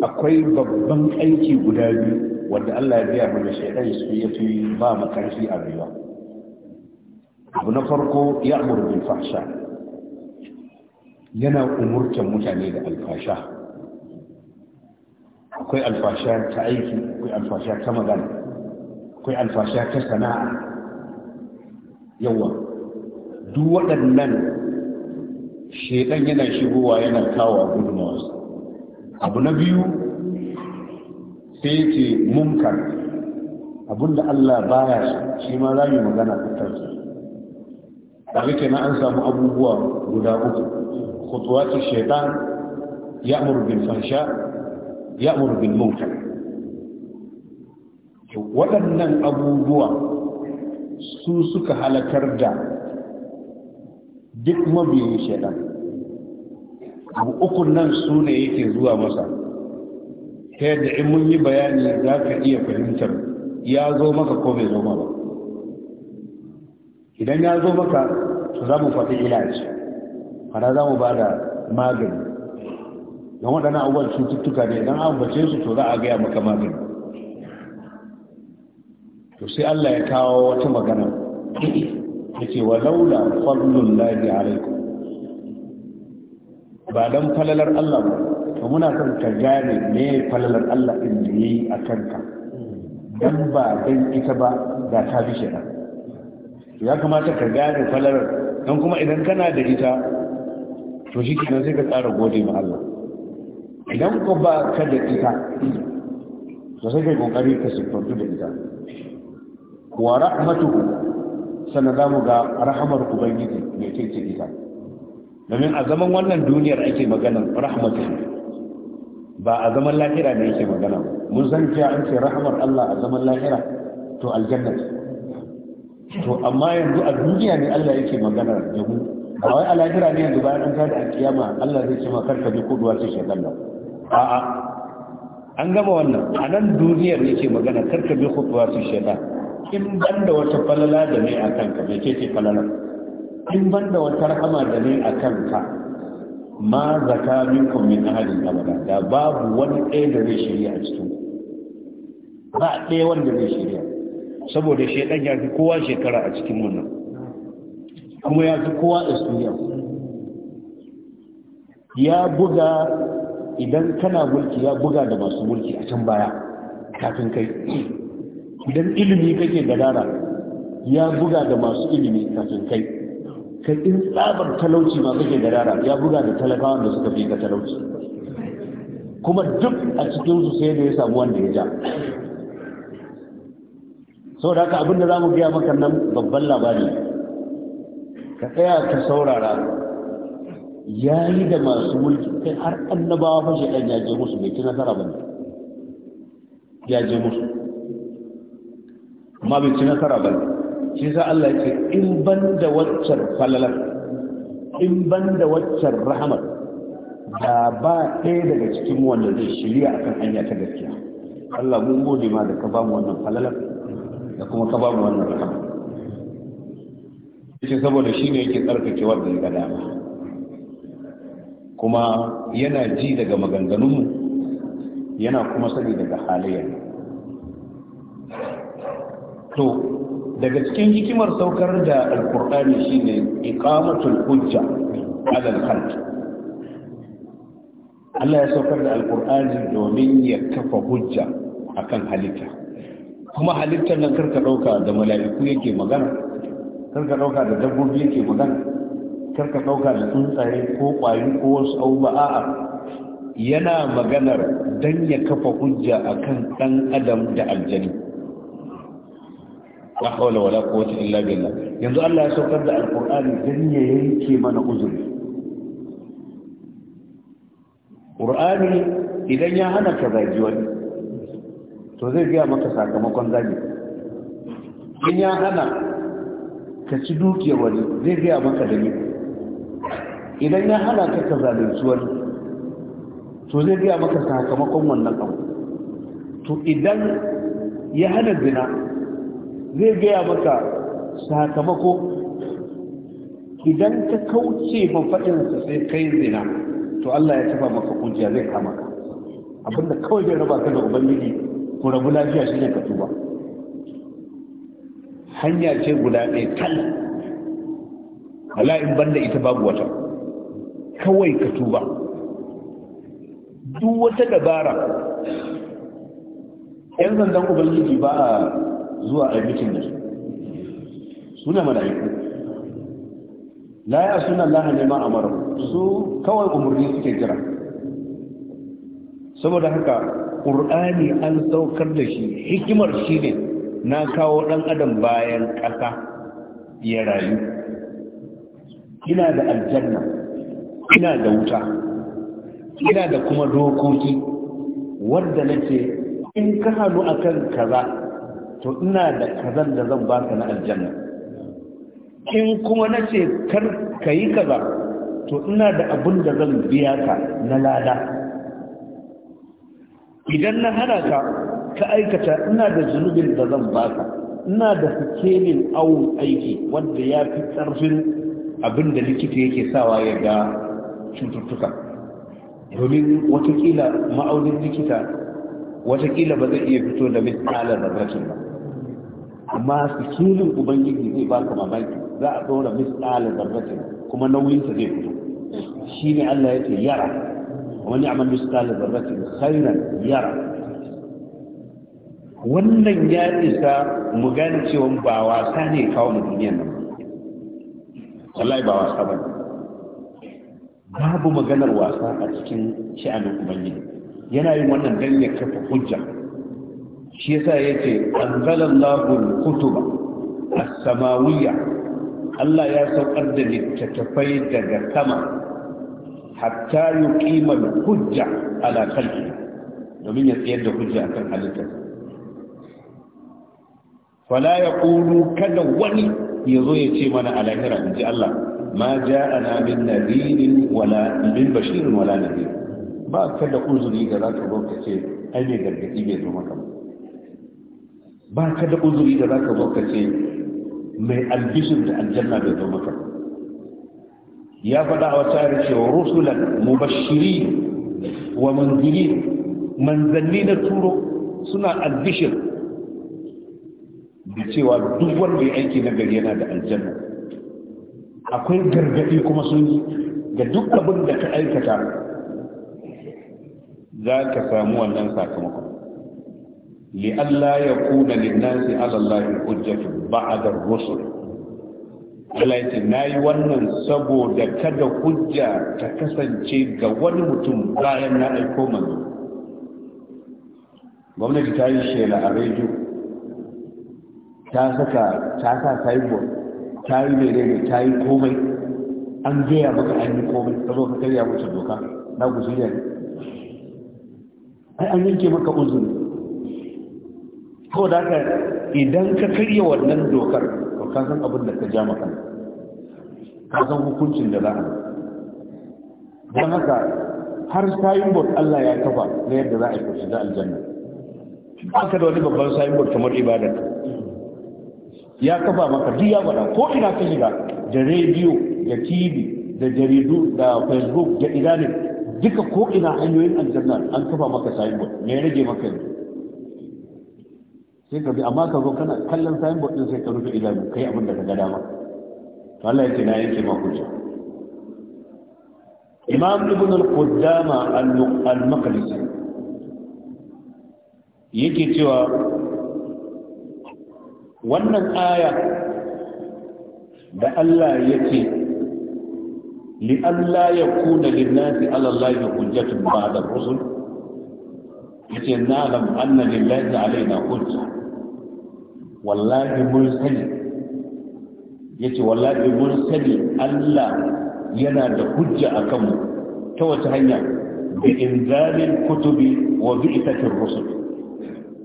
akwai babban aiki guda biyu wanda Allah ya biya mana shaidan su ya fi ba mu karfi a rayuwa abu na farko ya amuru bil fahsha yana umurtan mutane da alfasha akwai alfasha ta aiki akwai alfasha ta magana akwai alfasha ta sana'a yawa duk waɗannan shedan yana shigowa yana kawo gudunmawarsa abu na biyu sai ce munkar abinda Allah baya su shi ma za mu magana a da daga na an samu abubuwa guda uku Kutuwa khutuwatu shaytan ya'muru bil ya ya'muru bil munkar waɗannan abubuwa su suka halakar da duk mabiyin shaidan abu ukun nan su ne yake zuwa masa ta yadda in mun yi bayani za ka iya fahimtar ya zo maka ko bai zo ba idan ya zo maka to za mu faɗi ilaci ana za mu ba da magani don waɗannan abubuwan cututtuka ne idan an bace su to za a gaya maka magani to sai Allah ya kawo wata magana yace walaula fadlullahi alaikum ba dan falalar Allah ba to muna son ka gane me falalar Allah din da yayi a kanka dan ba dan ita ba da ta bi shi ya kamata ka gane falalar dan kuma idan kana da ita to shi kenan sai ka tsara gode ma Allah idan ko ba ka da ita to sai kai kokari ka siffantu da ita wa rahmatuhu sannan za mu ga rahamar ubangiji mai cece ita domin a zaman wannan duniyar ake maganan rahmatin ba a zaman lahira ne yake magana mun san cewa an ce rahamar Allah a zaman lahira to aljanna to amma yanzu a duniya ne Allah yake magana da mu ba wai a lahira ne yanzu bayan an tada a kiyama Allah zai ce maka karka bi kuduwa ce shaitan nan a'a an gama wannan a nan duniyar yake magana karka bi kuduwa ce shaitan in ban da wata falala da ne a kanka mai ce ce falala in ban da wata rahama da ne a kanka ma zaka minkum min ahadin abada da babu wani ɗaya da zai shirya a cikin ba ɗaya wanda zai shirya saboda shedan ya fi kowa shekara a cikin wannan, kuma ya fi kowa experience ya buga idan kana mulki ya buga da masu mulki a can baya kafin kai idan ilimi kake gadara ya buga da masu ilimi kafin kai kai in tsabar talauci ma kake gadara ya buga da talakawan da suka fi ka talauci kuma duk a cikin su sai da ya samu wanda ya ja sau da haka abinda za mu biya maka nan babban labari ka tsaya ka saurara ya yi da masu mulki kai har annabawa fashe ɗan ya je musu bai ci nasara ba ne ya je musu amma bai ci nasara ba shi sa Allah ya ce in ban da waccar falalar in ban da waccar rahamar da ba ɗaya daga cikin wanda zai shirya akan hanya ta gaskiya Allah mun gode ma da ka ba mu wannan falalar da kuma ka ba mu wannan rahama shi saboda shi ne yake tsarkake wannan ya kuma yana ji daga maganganunmu yana kuma sani daga halayen to daga cikin hikimar saukar da alkur'ani shine iqamatul hujja ala al-khalq Allah ya saukar da alkur'ani domin ya kafa hujja akan halitta kuma halittar nan karka dauka da mala'iku yake magana karka dauka da dabbobi yake magana karka dauka da tsuntsaye ko kwayi ko wasu abubuwa a'a yana maganar dan ya kafa hujja akan dan adam da aljani la hawla wala quwwata illa billah yanzu Allah ya saukar da alqur'ani dan ya yanke mana uzuri qur'ani idan ya hana ka zagi wani to zai ga maka sakamakon zagi in ya hana ka ci dukiyar wani zai ga maka dani idan ya hana ka ka zalunci wani to zai ga maka sakamakon wannan abu to idan ya hana zina zai gaya maka sakamako idan ka kauce ba faɗinsa sai kai zina to Allah ya tafa maka kujiya zai kama ka abinda kawai zai raba ka da ubangiji ko rabu lafiya shi ne ka tuba hanya ce guda ɗaya tal in banda ita babu wata kawai ka tuba duk wata dabara yan zandan ubangiji ba a zuwa a da su suna mala'iku la ya suna laha ne ma su kawai umarni suke jira saboda haka ƙur'ani an saukar da shi hikimar shi ne na kawo ɗan adam bayan ƙasa ya rayu ina da aljanna ina da wuta ina da kuma dokoki wadda nake in ka hannu a kan kaza to ina da kazan da zan baka na aljanna in kuma na ce kar ka yi kaza to ina da abin da zan biya ka na lada idan na hana ka ka aikata ina da zunubin da zan baka ina da sikelin awon aiki wanda ya fi ƙarfin abin da likita yake sawa ya ga cututtuka domin watakila ma'aunin likita watakila ba zai iya fito da misalar zarracin ba amma sikilin ubangiji zai baka mamaki za a ɗora misali zarratin kuma nauyinsa zai fito shi ne allah ya ce yara wani amal misali zarratin khairan yara wannan ya isa mu gane cewa ba wasa ne kawo mu duniyan nan wallahi ba wasa ba babu maganar wasa a cikin sha'anin ubangiji yana yin wannan dan ya kafa hujja shi yasa yace anzalallahu al-kutuba as-samawiyya Allah ya saukar da littattafai daga sama hatta yuqima al-hujja ala khalqi domin ya tsayar da hujja akan halitta. fala yaqulu kada wani yazo ya ce mana a lahira inji Allah ma ja'ana min nadirin wala min bashirin wala nadir ba kada uzuri da zaka ka ce ai ne gargadi bai zo maka ba ba ka da uzuri da za ka zo ka ce mai albishin da aljanna bai zo maka ya faɗa a wata yare cewa rusulan mubashiri wa manzili manzanni na turo suna albishin. da cewa duk wanda ya aiki na gari yana da aljanna akwai gargaɗi kuma sun yi ga duk abin da ka aikata za ka samu wannan sakamakon Allah ya kuna linnasi alallahi hujjatu ba'da rusul Allah yace nayi wannan saboda kada hujja ta kasance ga wani mutum bayan na aiko manzo gwamnati ta yi shela a rediyo ta saka ta sa ta yi komai an gaya maka an yi komai ka zo ka karya doka na guzuriya ai an yanke maka uzuri ko da ka idan ka karya wannan dokar to ka san abin da ka ja maka ka san hukuncin da za a don haka har sayin bot Allah ya kafa na yadda za a yi ko shiga aljanna ba ka da wani babban sayin bot kamar ibadar ya kafa maka duk ya bada ko ina ka shiga da rediyo da tv da jaridu da facebook da idanin duka ko ina hanyoyin aljanna an kafa maka sayin bot me rage maka yanzu sai ka bi amma ka zo kana kallon sayan bot sai ka rufe idanu kai abin da ka ga dama to Allah yake na yake ma hujja Imam Ibn al-Qudama al-Maqdisi yake cewa wannan aya da Allah yake li Allah ya kuna linnasi ala Allah ya hujjatun ba'da rusul yace na lam anna lillahi alaina hujja wallahi mun sani wallahi mun sani Allah yana da hujja a kanmu ta wata hanya bi inzalin kutubi wa bi itatin rusul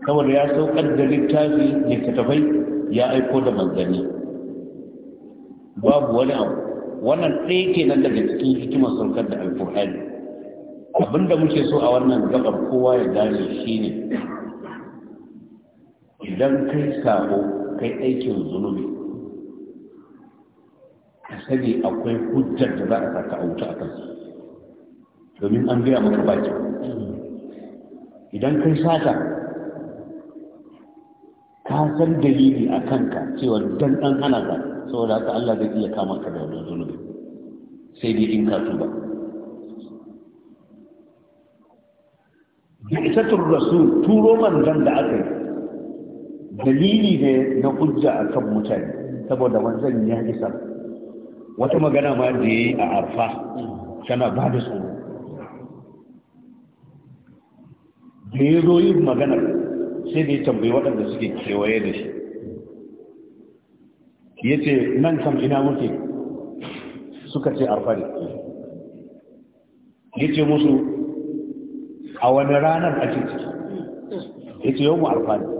saboda ya saukar da littafi littattafai ya aiko da manzanni babu wani abu wannan ɗaya nan daga cikin hikimar saukar da alfurhani abinda muke so a wannan gabar kowa ya gane shine idan kai sako kai aikin zunubi a sani akwai hujjar da za a saka a wuta a kansu domin an biya maka baki idan kai sata ka san dalili a kanka cewa dan an ana ka saboda haka Allah zai iya kama ka da wannan zunubi sai dai in ka tuba bi'satul rasul turo manzon da aka yi dalili ne na hujja a kan mutane saboda manzan ya isa wata magana ma da ya yi a arfa tana ba da tsoro da ya zo yin magana sai da ya tambayi waɗanda suke kewaye da shi ya ce nan kam ina muke suka ce arfa ne ya ce musu a wani ranar a ciki ya ce yau mu arfa ne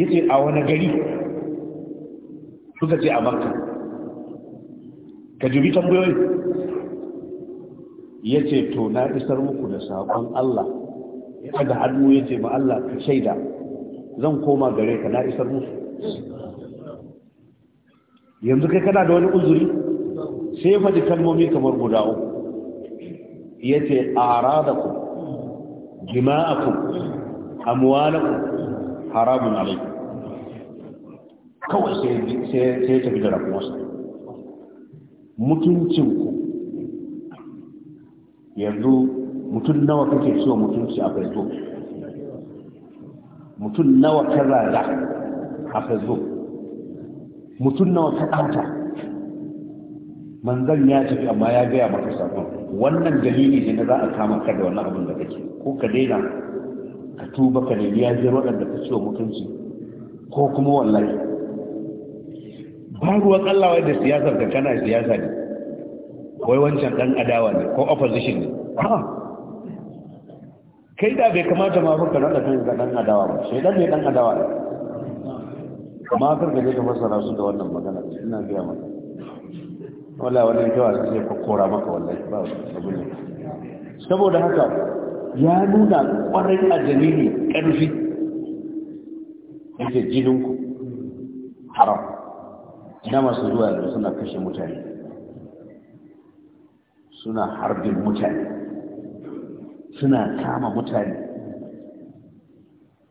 yace a wani gari suka ce a makka ka jubi tambayoyi yace to na isar muku da sakon Allah ya da hannu yace ma Allah ka shaida zan koma gare ka na isar musu yanzu kai kana da wani uzuri sai ya faɗi kalmomi kamar guda uku yace ce aradakum jima'akum amwalakum haramun alaikum kawai sai ya tafi da rakuwarsa mutuncinku yanzu mutum nawa kake cewa mutunci a facebook mutum nawa ka rada a facebook mutum nawa ka ɗauta manzan ya tafi amma ya gaya maka sakon wannan dalili ne na za a kama ka da wannan abin da kake ko ka daina ka tuba ka nemi ya je waɗanda ka ciwo mutunci ko kuma wallahi ba ruwan Allah da siyasar ka kana siyasa ne wai wancan dan adawa ne ko opposition ne kai da bai kamata ma baka rada kai ga dan adawa ba sai dan ne dan adawa ne kuma kar ka je ka fassara su da wannan magana ina biya maka wallahi wannan kawai sai ka kora maka wallahi ba ne saboda haka ya nuna kwarin a dalili ƙarfi yake ku. haram na masu zuwa yanzu suna kashe mutane suna harbin mutane suna kama mutane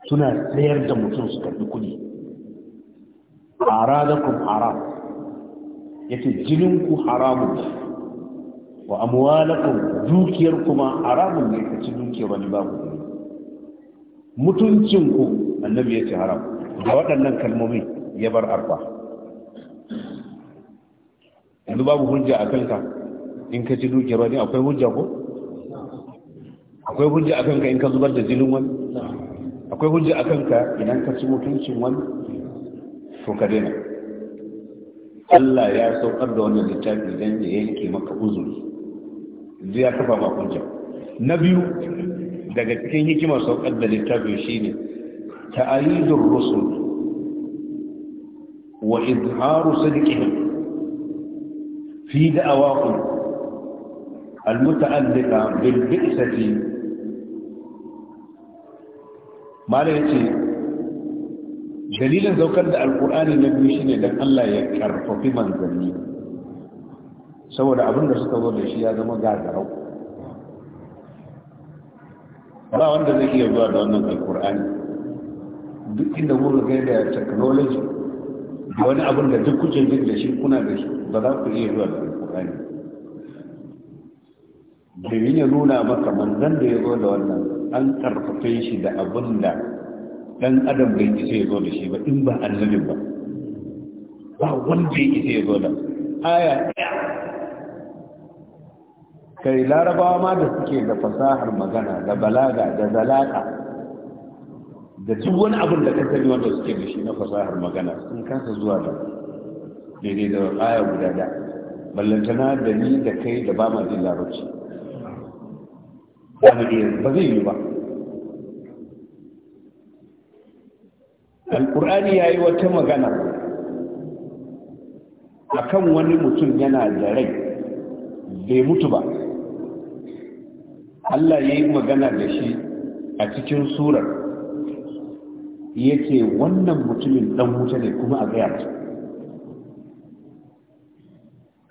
suna sayar da mutum su karbi kudi aradakum haram yace ku haramun wa amwalakum dukiyar kuma haramun ne ka ci dukiyar wani babu mutuncinku annabi yace haram da waɗannan kalmomi ya bar arba. yanzu babu hujja a kanka in ka ci dukiyar wani akwai hujja ko akwai hujja a kanka in ka zubar da jinin wani akwai hujja a kanka idan ka ci mutuncin wani to ka daina Allah ya saukar da wannan littafi don ya yanke maka uzuri zai ya kafa maka hujja na biyu daga cikin hikimar saukar da littafi shine ta'ayidur rusul wa izharu sidqihim fi da'awahum almuta'alliqa bil bi'sati mala yace dalilin zaukar da alqur'ani na biyu shine dan Allah ya karfafi manzanni saboda abinda suka zo da shi ya zama gagarau ba wanda zai iya zuwa da wannan alkur'ani duk inda da technology da wani abin da duk kuke jin da shi kuna da shi ba za ku iya zuwa da alƙur'ani domin ya nuna maka manzan da ya zo da wannan an karfafe shi da abin da ɗan adam bai isa ya zo da shi ba in ba annabin ba ba wanda ya isa ya zo da aya kai larabawa ma da suke da fasahar magana da balaga da zalaka da duk wani abin da ka sani wanda suke da shi na fasahar magana sun kasa zuwa da daidai da aya guda da ballantana da ni da kai da ba ma jin larabci ba ba zai yi ba Alƙur'ani ya yi wata magana a kan wani mutum yana da rai bai mutu ba allah ya yi magana da shi a cikin surar ya ce wannan mutumin dan wuta ne kuma a gaya masa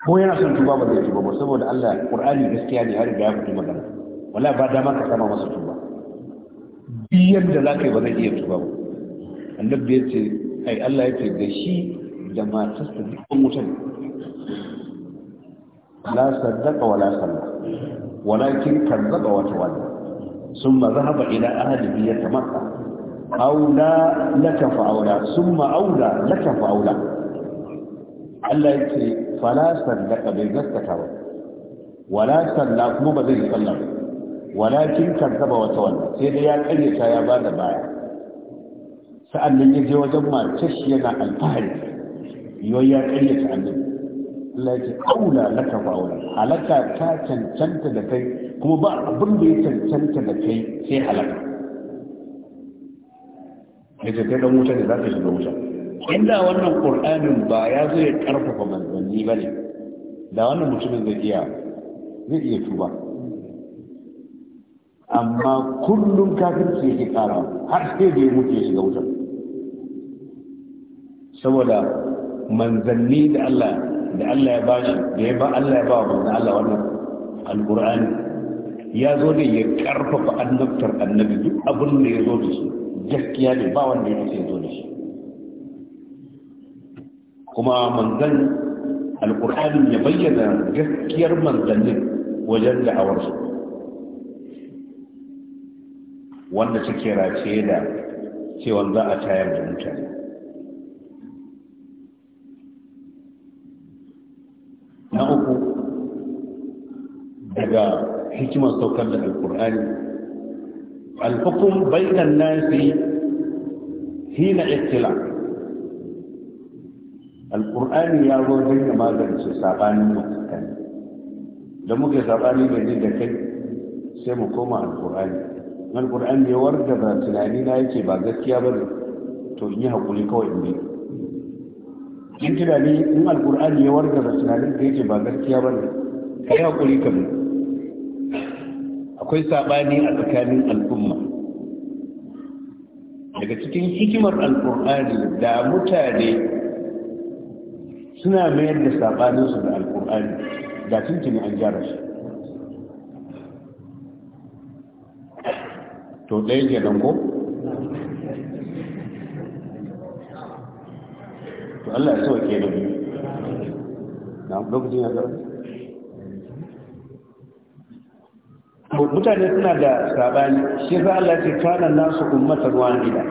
ko yana son tuba ba zai tuba ba saboda Allah Qur'ani gaskiya ne ya riga ya fito magana wala ba dama ka sama masa tuba biyan da za ka yi ba zai iya tuba ba annabi yace ce ai Allah ya da shi da matarsa dukkan wuta ne la saddaqa wala salla walakin kadzaba wa tawalla ثم ذهب الى اهله يتمتع aula laka fa'aula summa aula laka fa'aula Allah ya ce da sallaka bai gaskata ba wala salla kuma ba zai salla ba walakin kazzaba wata wanda sai dai ya karyata ya bada baya sa'an nan ya je wajen matar shi yana alfahari yoyi ya karyata annabi Allah ya ce aula laka fa'aula halaka ta cancanta da kai kuma ba abin da ya cancanta da kai sai halaka ya ce kai dan wuta ne za ka shiga wuta inda wannan qur'anin ba ya zo ya karfafa manzanni ba ne da wannan mutumin zai iya zai iya tuba amma kullum kafirci yake ƙara har sai da ya mutu ya shiga wuta saboda manzanni da Allah da Allah ya bashi da ya ba Allah ya ba manzan Allah wannan alqur'ani ya zo ne ya karfafa annabtar annabi duk abin da ya zo da shi gaskiya ne ba wanda ya ce zo da shi kuma manzan alƙur'ani ya bayyana gaskiyar manzannin wajen da'awarsu wanda take race da cewa za a tayar da mutane na uku daga hikimar saukar da alƙur'ani الحكم بين الناس حين اختلاف القرآن يا روزي ما زال ساباني متكن da muke sabani da ni da kai sai mu koma alkur'ani alkur'ani ya warda ba tunani na yake ba gaskiya ba to in yi hakuri kawai in bi in in ya tunanin ba gaskiya ka yi ka bi akwai sabani a tsakanin al'umma daga cikin hikimar alkur'ani da mutane suna mayar da sabaninsu da alkur'ani da tuntuni an gyara shi to ɗaya ke nan ko? to Allah ya sauke da biyu na lokacin ya zara mutane suna da sabani shi za Allah ce kana nasu ummatan wahida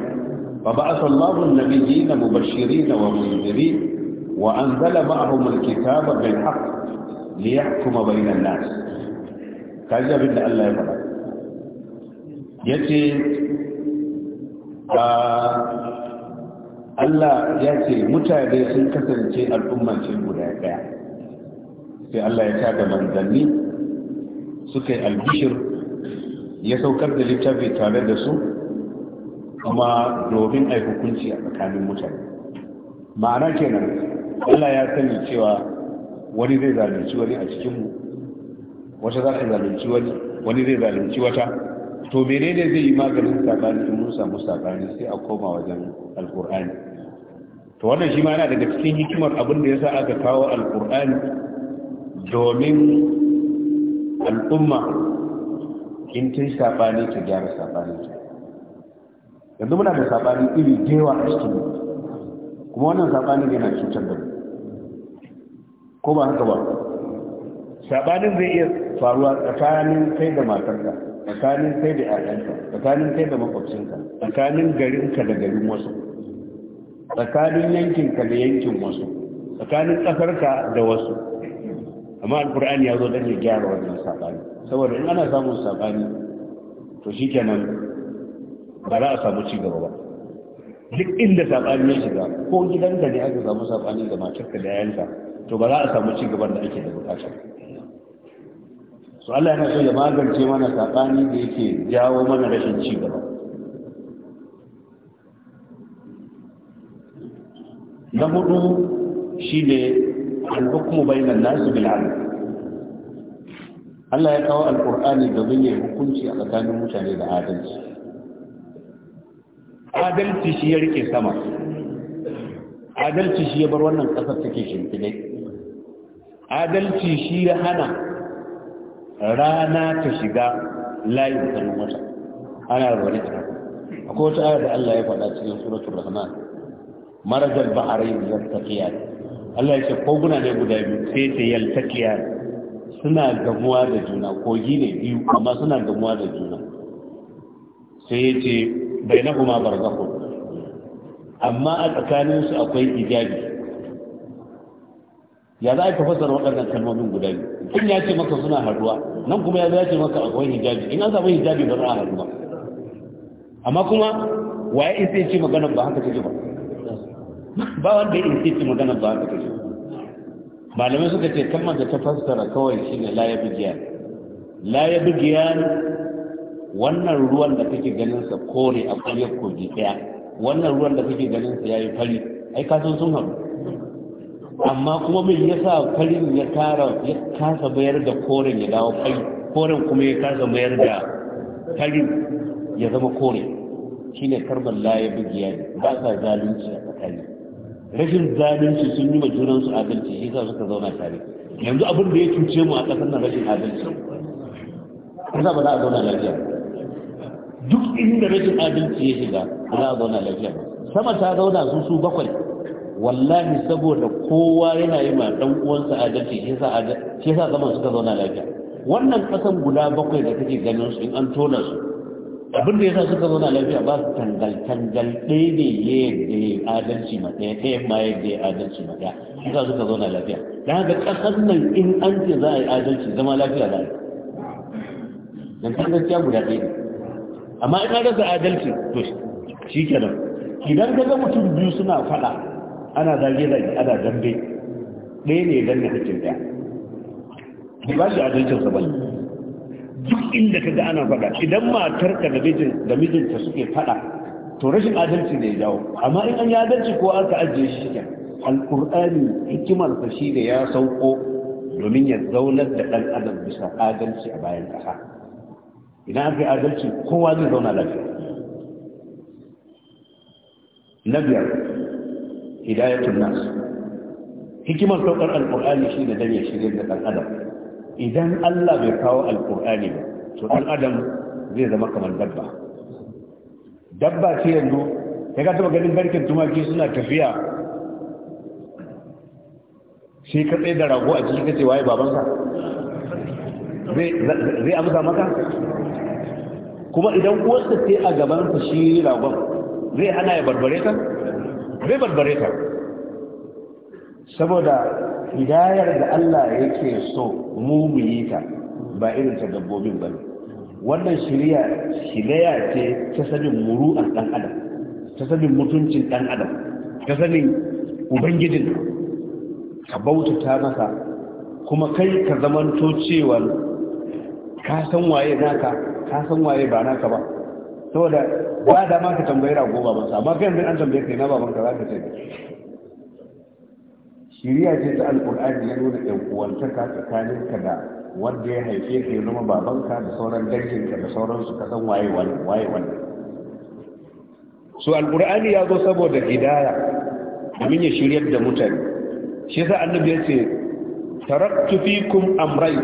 fa ba'atha Allahu an-nabiyina mubashirin wa munzirin wa anzala ma'ahum al-kitaba bil haqq liyahkuma bainan nas kaji abin da Allah ya faɗa yace ah, Allah ya ce mutane sun kasance al'umman guda ɗaya. sai Allah ya tada manzanni suka yi albishir ya saukar da littafi tare da su kuma domin a hukunci a tsakanin mutane ma'ana kenan allah ya sani cewa wani zai zalunci wani a cikinmu wata za ta zalunci wani wani zai zalunci wata to menene zai yi maganin sakani in mun samu sakani sai a koma wajen alkur'ani to wannan shi ma yana daga cikin hikimar abin da ya sa aka kawo alkur'ani domin al'umma in tun saɓani ta gyara saɓani ta yanzu muna da saɓani iri jewa a cikin kuma wannan saɓanin yana cutar da ko ba haka ba saɓanin zai iya faruwa tsakanin kai da matarka tsakanin kai da ƴaƴanka tsakanin kai da makwabcinka tsakanin garinka da garin wasu tsakanin yankinka da yankin wasu tsakanin ƙasarka da wasu amma alkur'ani ya zo don ya gyara wannan sabani saboda in ana samun sabani to shi nan, ba za a samu ci gaba ba duk inda sabani ya shiga ko gidanka ne aka samu sabani da matarka da yayanka to ba za a samu ci gaban da ake da bukata So Allah yana so ya magance mana sabani da yake jawo mana rashin ci gaba na hudu shi ne الحكم بين الناس بالعدل الله يتوى القرآن يجبني الحكم شيء أكان مشاهد العدل عدل في شيء ركي سما عدل في شيء بروانا قصد تكيشن تلي عدل في شيء هنا رانا تشيغا لا يمكن مشا أنا أبغى أقول آية الله يفعل سورة الرحمن مرض البحرين يرتقيان Allah ya ce koguna ne guda biyu sai ta yaltakiya suna gamuwa da juna kogi ne biyu amma suna gamuwa da juna sai ya ce bai na kuma barzahu amma a tsakaninsu akwai ijabi ya za a yi tafasar waɗannan kalmomin guda biyu in ya ce maka suna haduwa nan kuma ya ce maka akwai hijabi in an samu hijabi ba za a haduwa amma kuma waye sai ce maganar ba haka take ba ba wanda ya ce magana ba ka kai malamai suka ce kalmar da ta fassara kawai shine la yabgiya la yabgiya wannan ruwan da kake ganin sa kore a kwaliyar kogi daya wannan ruwan da kake ganin sa yayi fari ai ka san sun haɗu amma kuma me yasa farin ya tara ya kasa bayar da koren ya dawo fari koren kuma ya kasa bayar da farin ya zama kore shine karban la yabgiya ba sa zalunci rashin zalunci sun yi majunan su adalci shi sa suka zauna tare yanzu abin da ya cuce mu a ƙasar nan rashin adalci kun za ba za a zauna lafiya duk inda rashin adalci ya shiga ba za a zauna lafiya sama ta zauna su su bakwai wallahi saboda kowa yana yi ma dan uwansa adalci shi sa zaman suka zauna lafiya wannan ƙasan guda bakwai da kake ganin su in an tona su abin da ya sa suka zauna lafiya ba su tangal-tangal ɗaya ne ya yadda ya adalci ma ɗaya ɗaya ma yadda ya adalci ma ɗaya ya sa suka zauna lafiya da haka ƙasar nan in an ce za a yi adalci zama lafiya za a yi don kan guda ɗaya ne amma in rasa adalci to shi kenan idan ka ga mutum biyu suna faɗa ana zage-zage ana dambe ɗaya ne ya danna hakin ɗaya ba shi adalcinsa ba ne duk inda ka ga ana faɗa idan ka da mijin da mijinta suke faɗa to rashin adalci ne ya jawo amma in an yi adalci ko aka ajiye shi shi alƙur'ani hikimar sa shi da ya sauko domin ya zaunar da ɗan adam bisa adalci a bayan ƙasa idan aka yi adalci kowa zai zauna lafiya na biyar hidayatul nas hikimar saukar alƙur'ani shi ne dan ya shirya da ɗan adam idan Allah bai kawo Alƙur'ani ba to ɗan adam zai zama kamar dabba dabba ce yanzu ya ga taba ganin barkin tumaki suna tafiya shi ka tsaye da rago a cikin kace waye babansa zai amsa maka kuma idan uwarsa ce a gabansa shi ragon zai hana ya barbare ta? zai barbare ta saboda hidayar da Allah yake so mu mu yi ta ba irin ta dabbobin ba ne wannan shirya shirya ce ta sanin muru'an dan adam ta sanin mutuncin dan adam ta sanin ubangijin ka bauta ta masa kuma kai ka zamanto cewa ka san waye naka ka san waye ba naka ba saboda ba da ma ka tambayi rago ba amma kai yanzu an tambaye kai na baban ka za ka ce shiriya ce ta alkur'ani ya nuna ɗan'uwantaka tsakaninka da wanda ya haife ka ya zama babanka da sauran danginka da sauransu ka san waye wani so alkur'ani ya zo saboda hidaya domin ya shiryar da mutane shi yasa annabi ya ce taraktu fikum amrai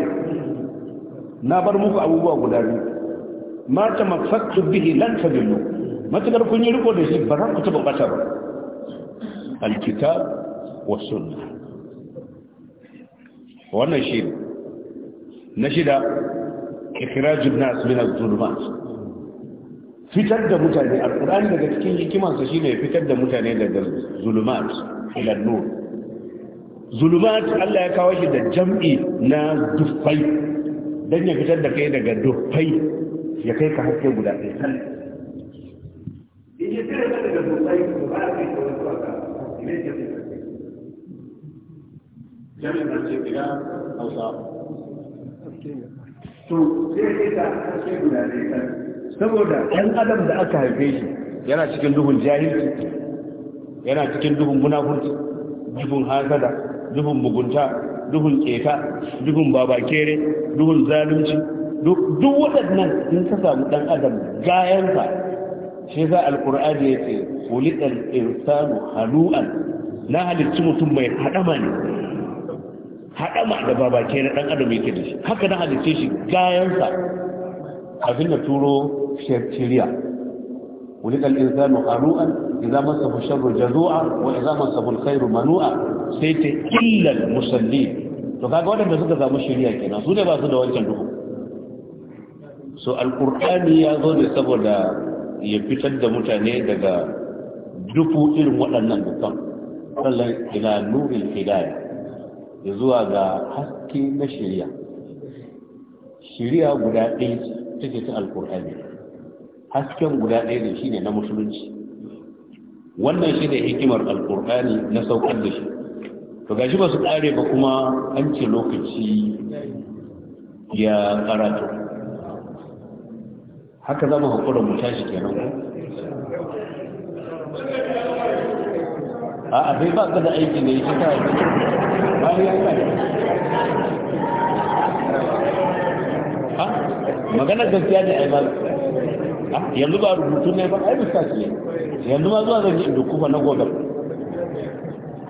na bar muku abubuwa guda biyu ma ta mafaktu bihi lan tabillu matakar kun yi riko da shi ba za ku taɓa ɓata ba alkitab wa sunna wannan shi na shida ikirajin nas min az-zulumat fitar da mutane alqur'ani daga cikin hikimarsa shine fitar da mutane daga zulumat ila nur zulumat Allah ya kawo shi da jam'i na dufai dan ya fitar da kai daga dufai ya kai ka hakke guda ɗaya ce gida hausa to sai sai guda ne saboda ɗan adam da aka haife shi yana cikin duhun jahilci yana cikin duhun munafurci duhun hasada duhun mugunta duhun keta duhun babakere duhun zalunci duk waɗannan sun ta samu ɗan adam gayanka shi za alƙur'ani ya ce kulikan insanu halu'an na halittu mutum mai haɗama ne haɗama da babake na ɗan adam yake da shi haka na halice shi gayansa kafin na turo shirya wani ɗan insanu haru'an idan masa busharru jazu'a wa idan masa bulkhairu manu'a sai ta illal musalli to kaga waɗanda suka samu shirya kenan su ne ba su da wancan duhu so alƙur'ani ya zo ne saboda ya fitar da mutane daga dufu irin waɗannan dukkan sallan ila nurin hidayah ya zuwa ga haske na shirya shirya guda ɗaya take ta alkur'ani hasken guda ɗaya ne na musulunci wannan shi ne hikimar alkur'ani na saukar da shi to gashi ba su ƙare ba kuma an ce lokaci ya karatu haka mu haƙura mu tashi kenan ku a abin ba ka da aiki ne shi ta aiki ba ya yi ha maganar gaskiya ne ai ba yanzu ba rubutu ne ba ai misali ce yanzu ma zuwa zan yi inda kuma na gobe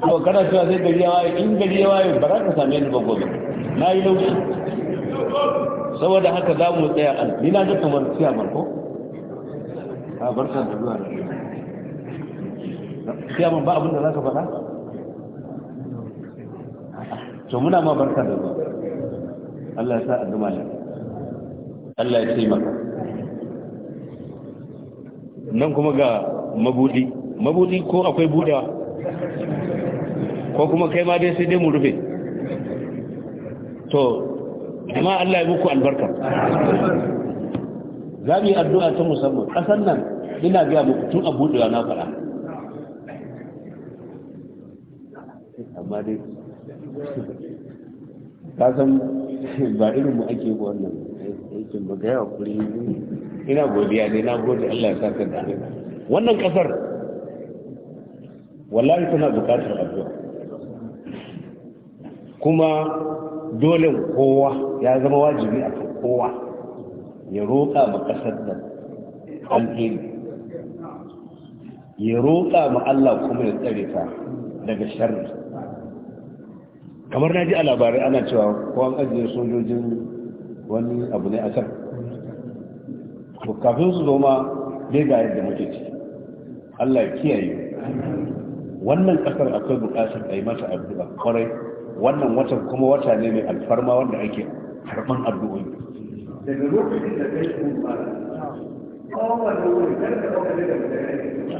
ko kana cewa zai gari ya waye in gari ya waye ba za ka same ni ba gobe na yi lauki saboda haka za mu tsaya an ni na ga kamar ciya marko a zuwa da zuwa kiyaman ba abinda za ka faɗa to muna ma barka da zuwa Allah ya sa a zama Allah ya taimaka nan kuma ga mabudi mabudi ko akwai buda ko kuma kai ma dai sai dai mu rufe to amma Allah ya muku albarka za mu yi addu'a ta musamman ƙasar nan ina ga mu tun a na faɗa amma dai ka san ba irinmu ake yi wannan aikin ba ga yawa kuri ina godiya dai na gode Allah ya saka da wannan kasar wallahi tana bukatar abuwa kuma dole kowa ya zama wajibi a kowa ya roƙa ma kasar nan alheri ya roƙa ma Allah kuma ya tsare ta daga sharri kamar na ji a labarai ana cewa ko an ajiye sojojin wani abu ne a can to kafin su zo ma dai ga yadda muke ci Allah ya kiyaye wannan kasar akwai bukatar a yi mata addu'a kwarai wannan watan kuma wata ne mai alfarma wanda ake karban addu'o'i daga lokacin da kai kuma kowane wuri karka ɗauka da mutane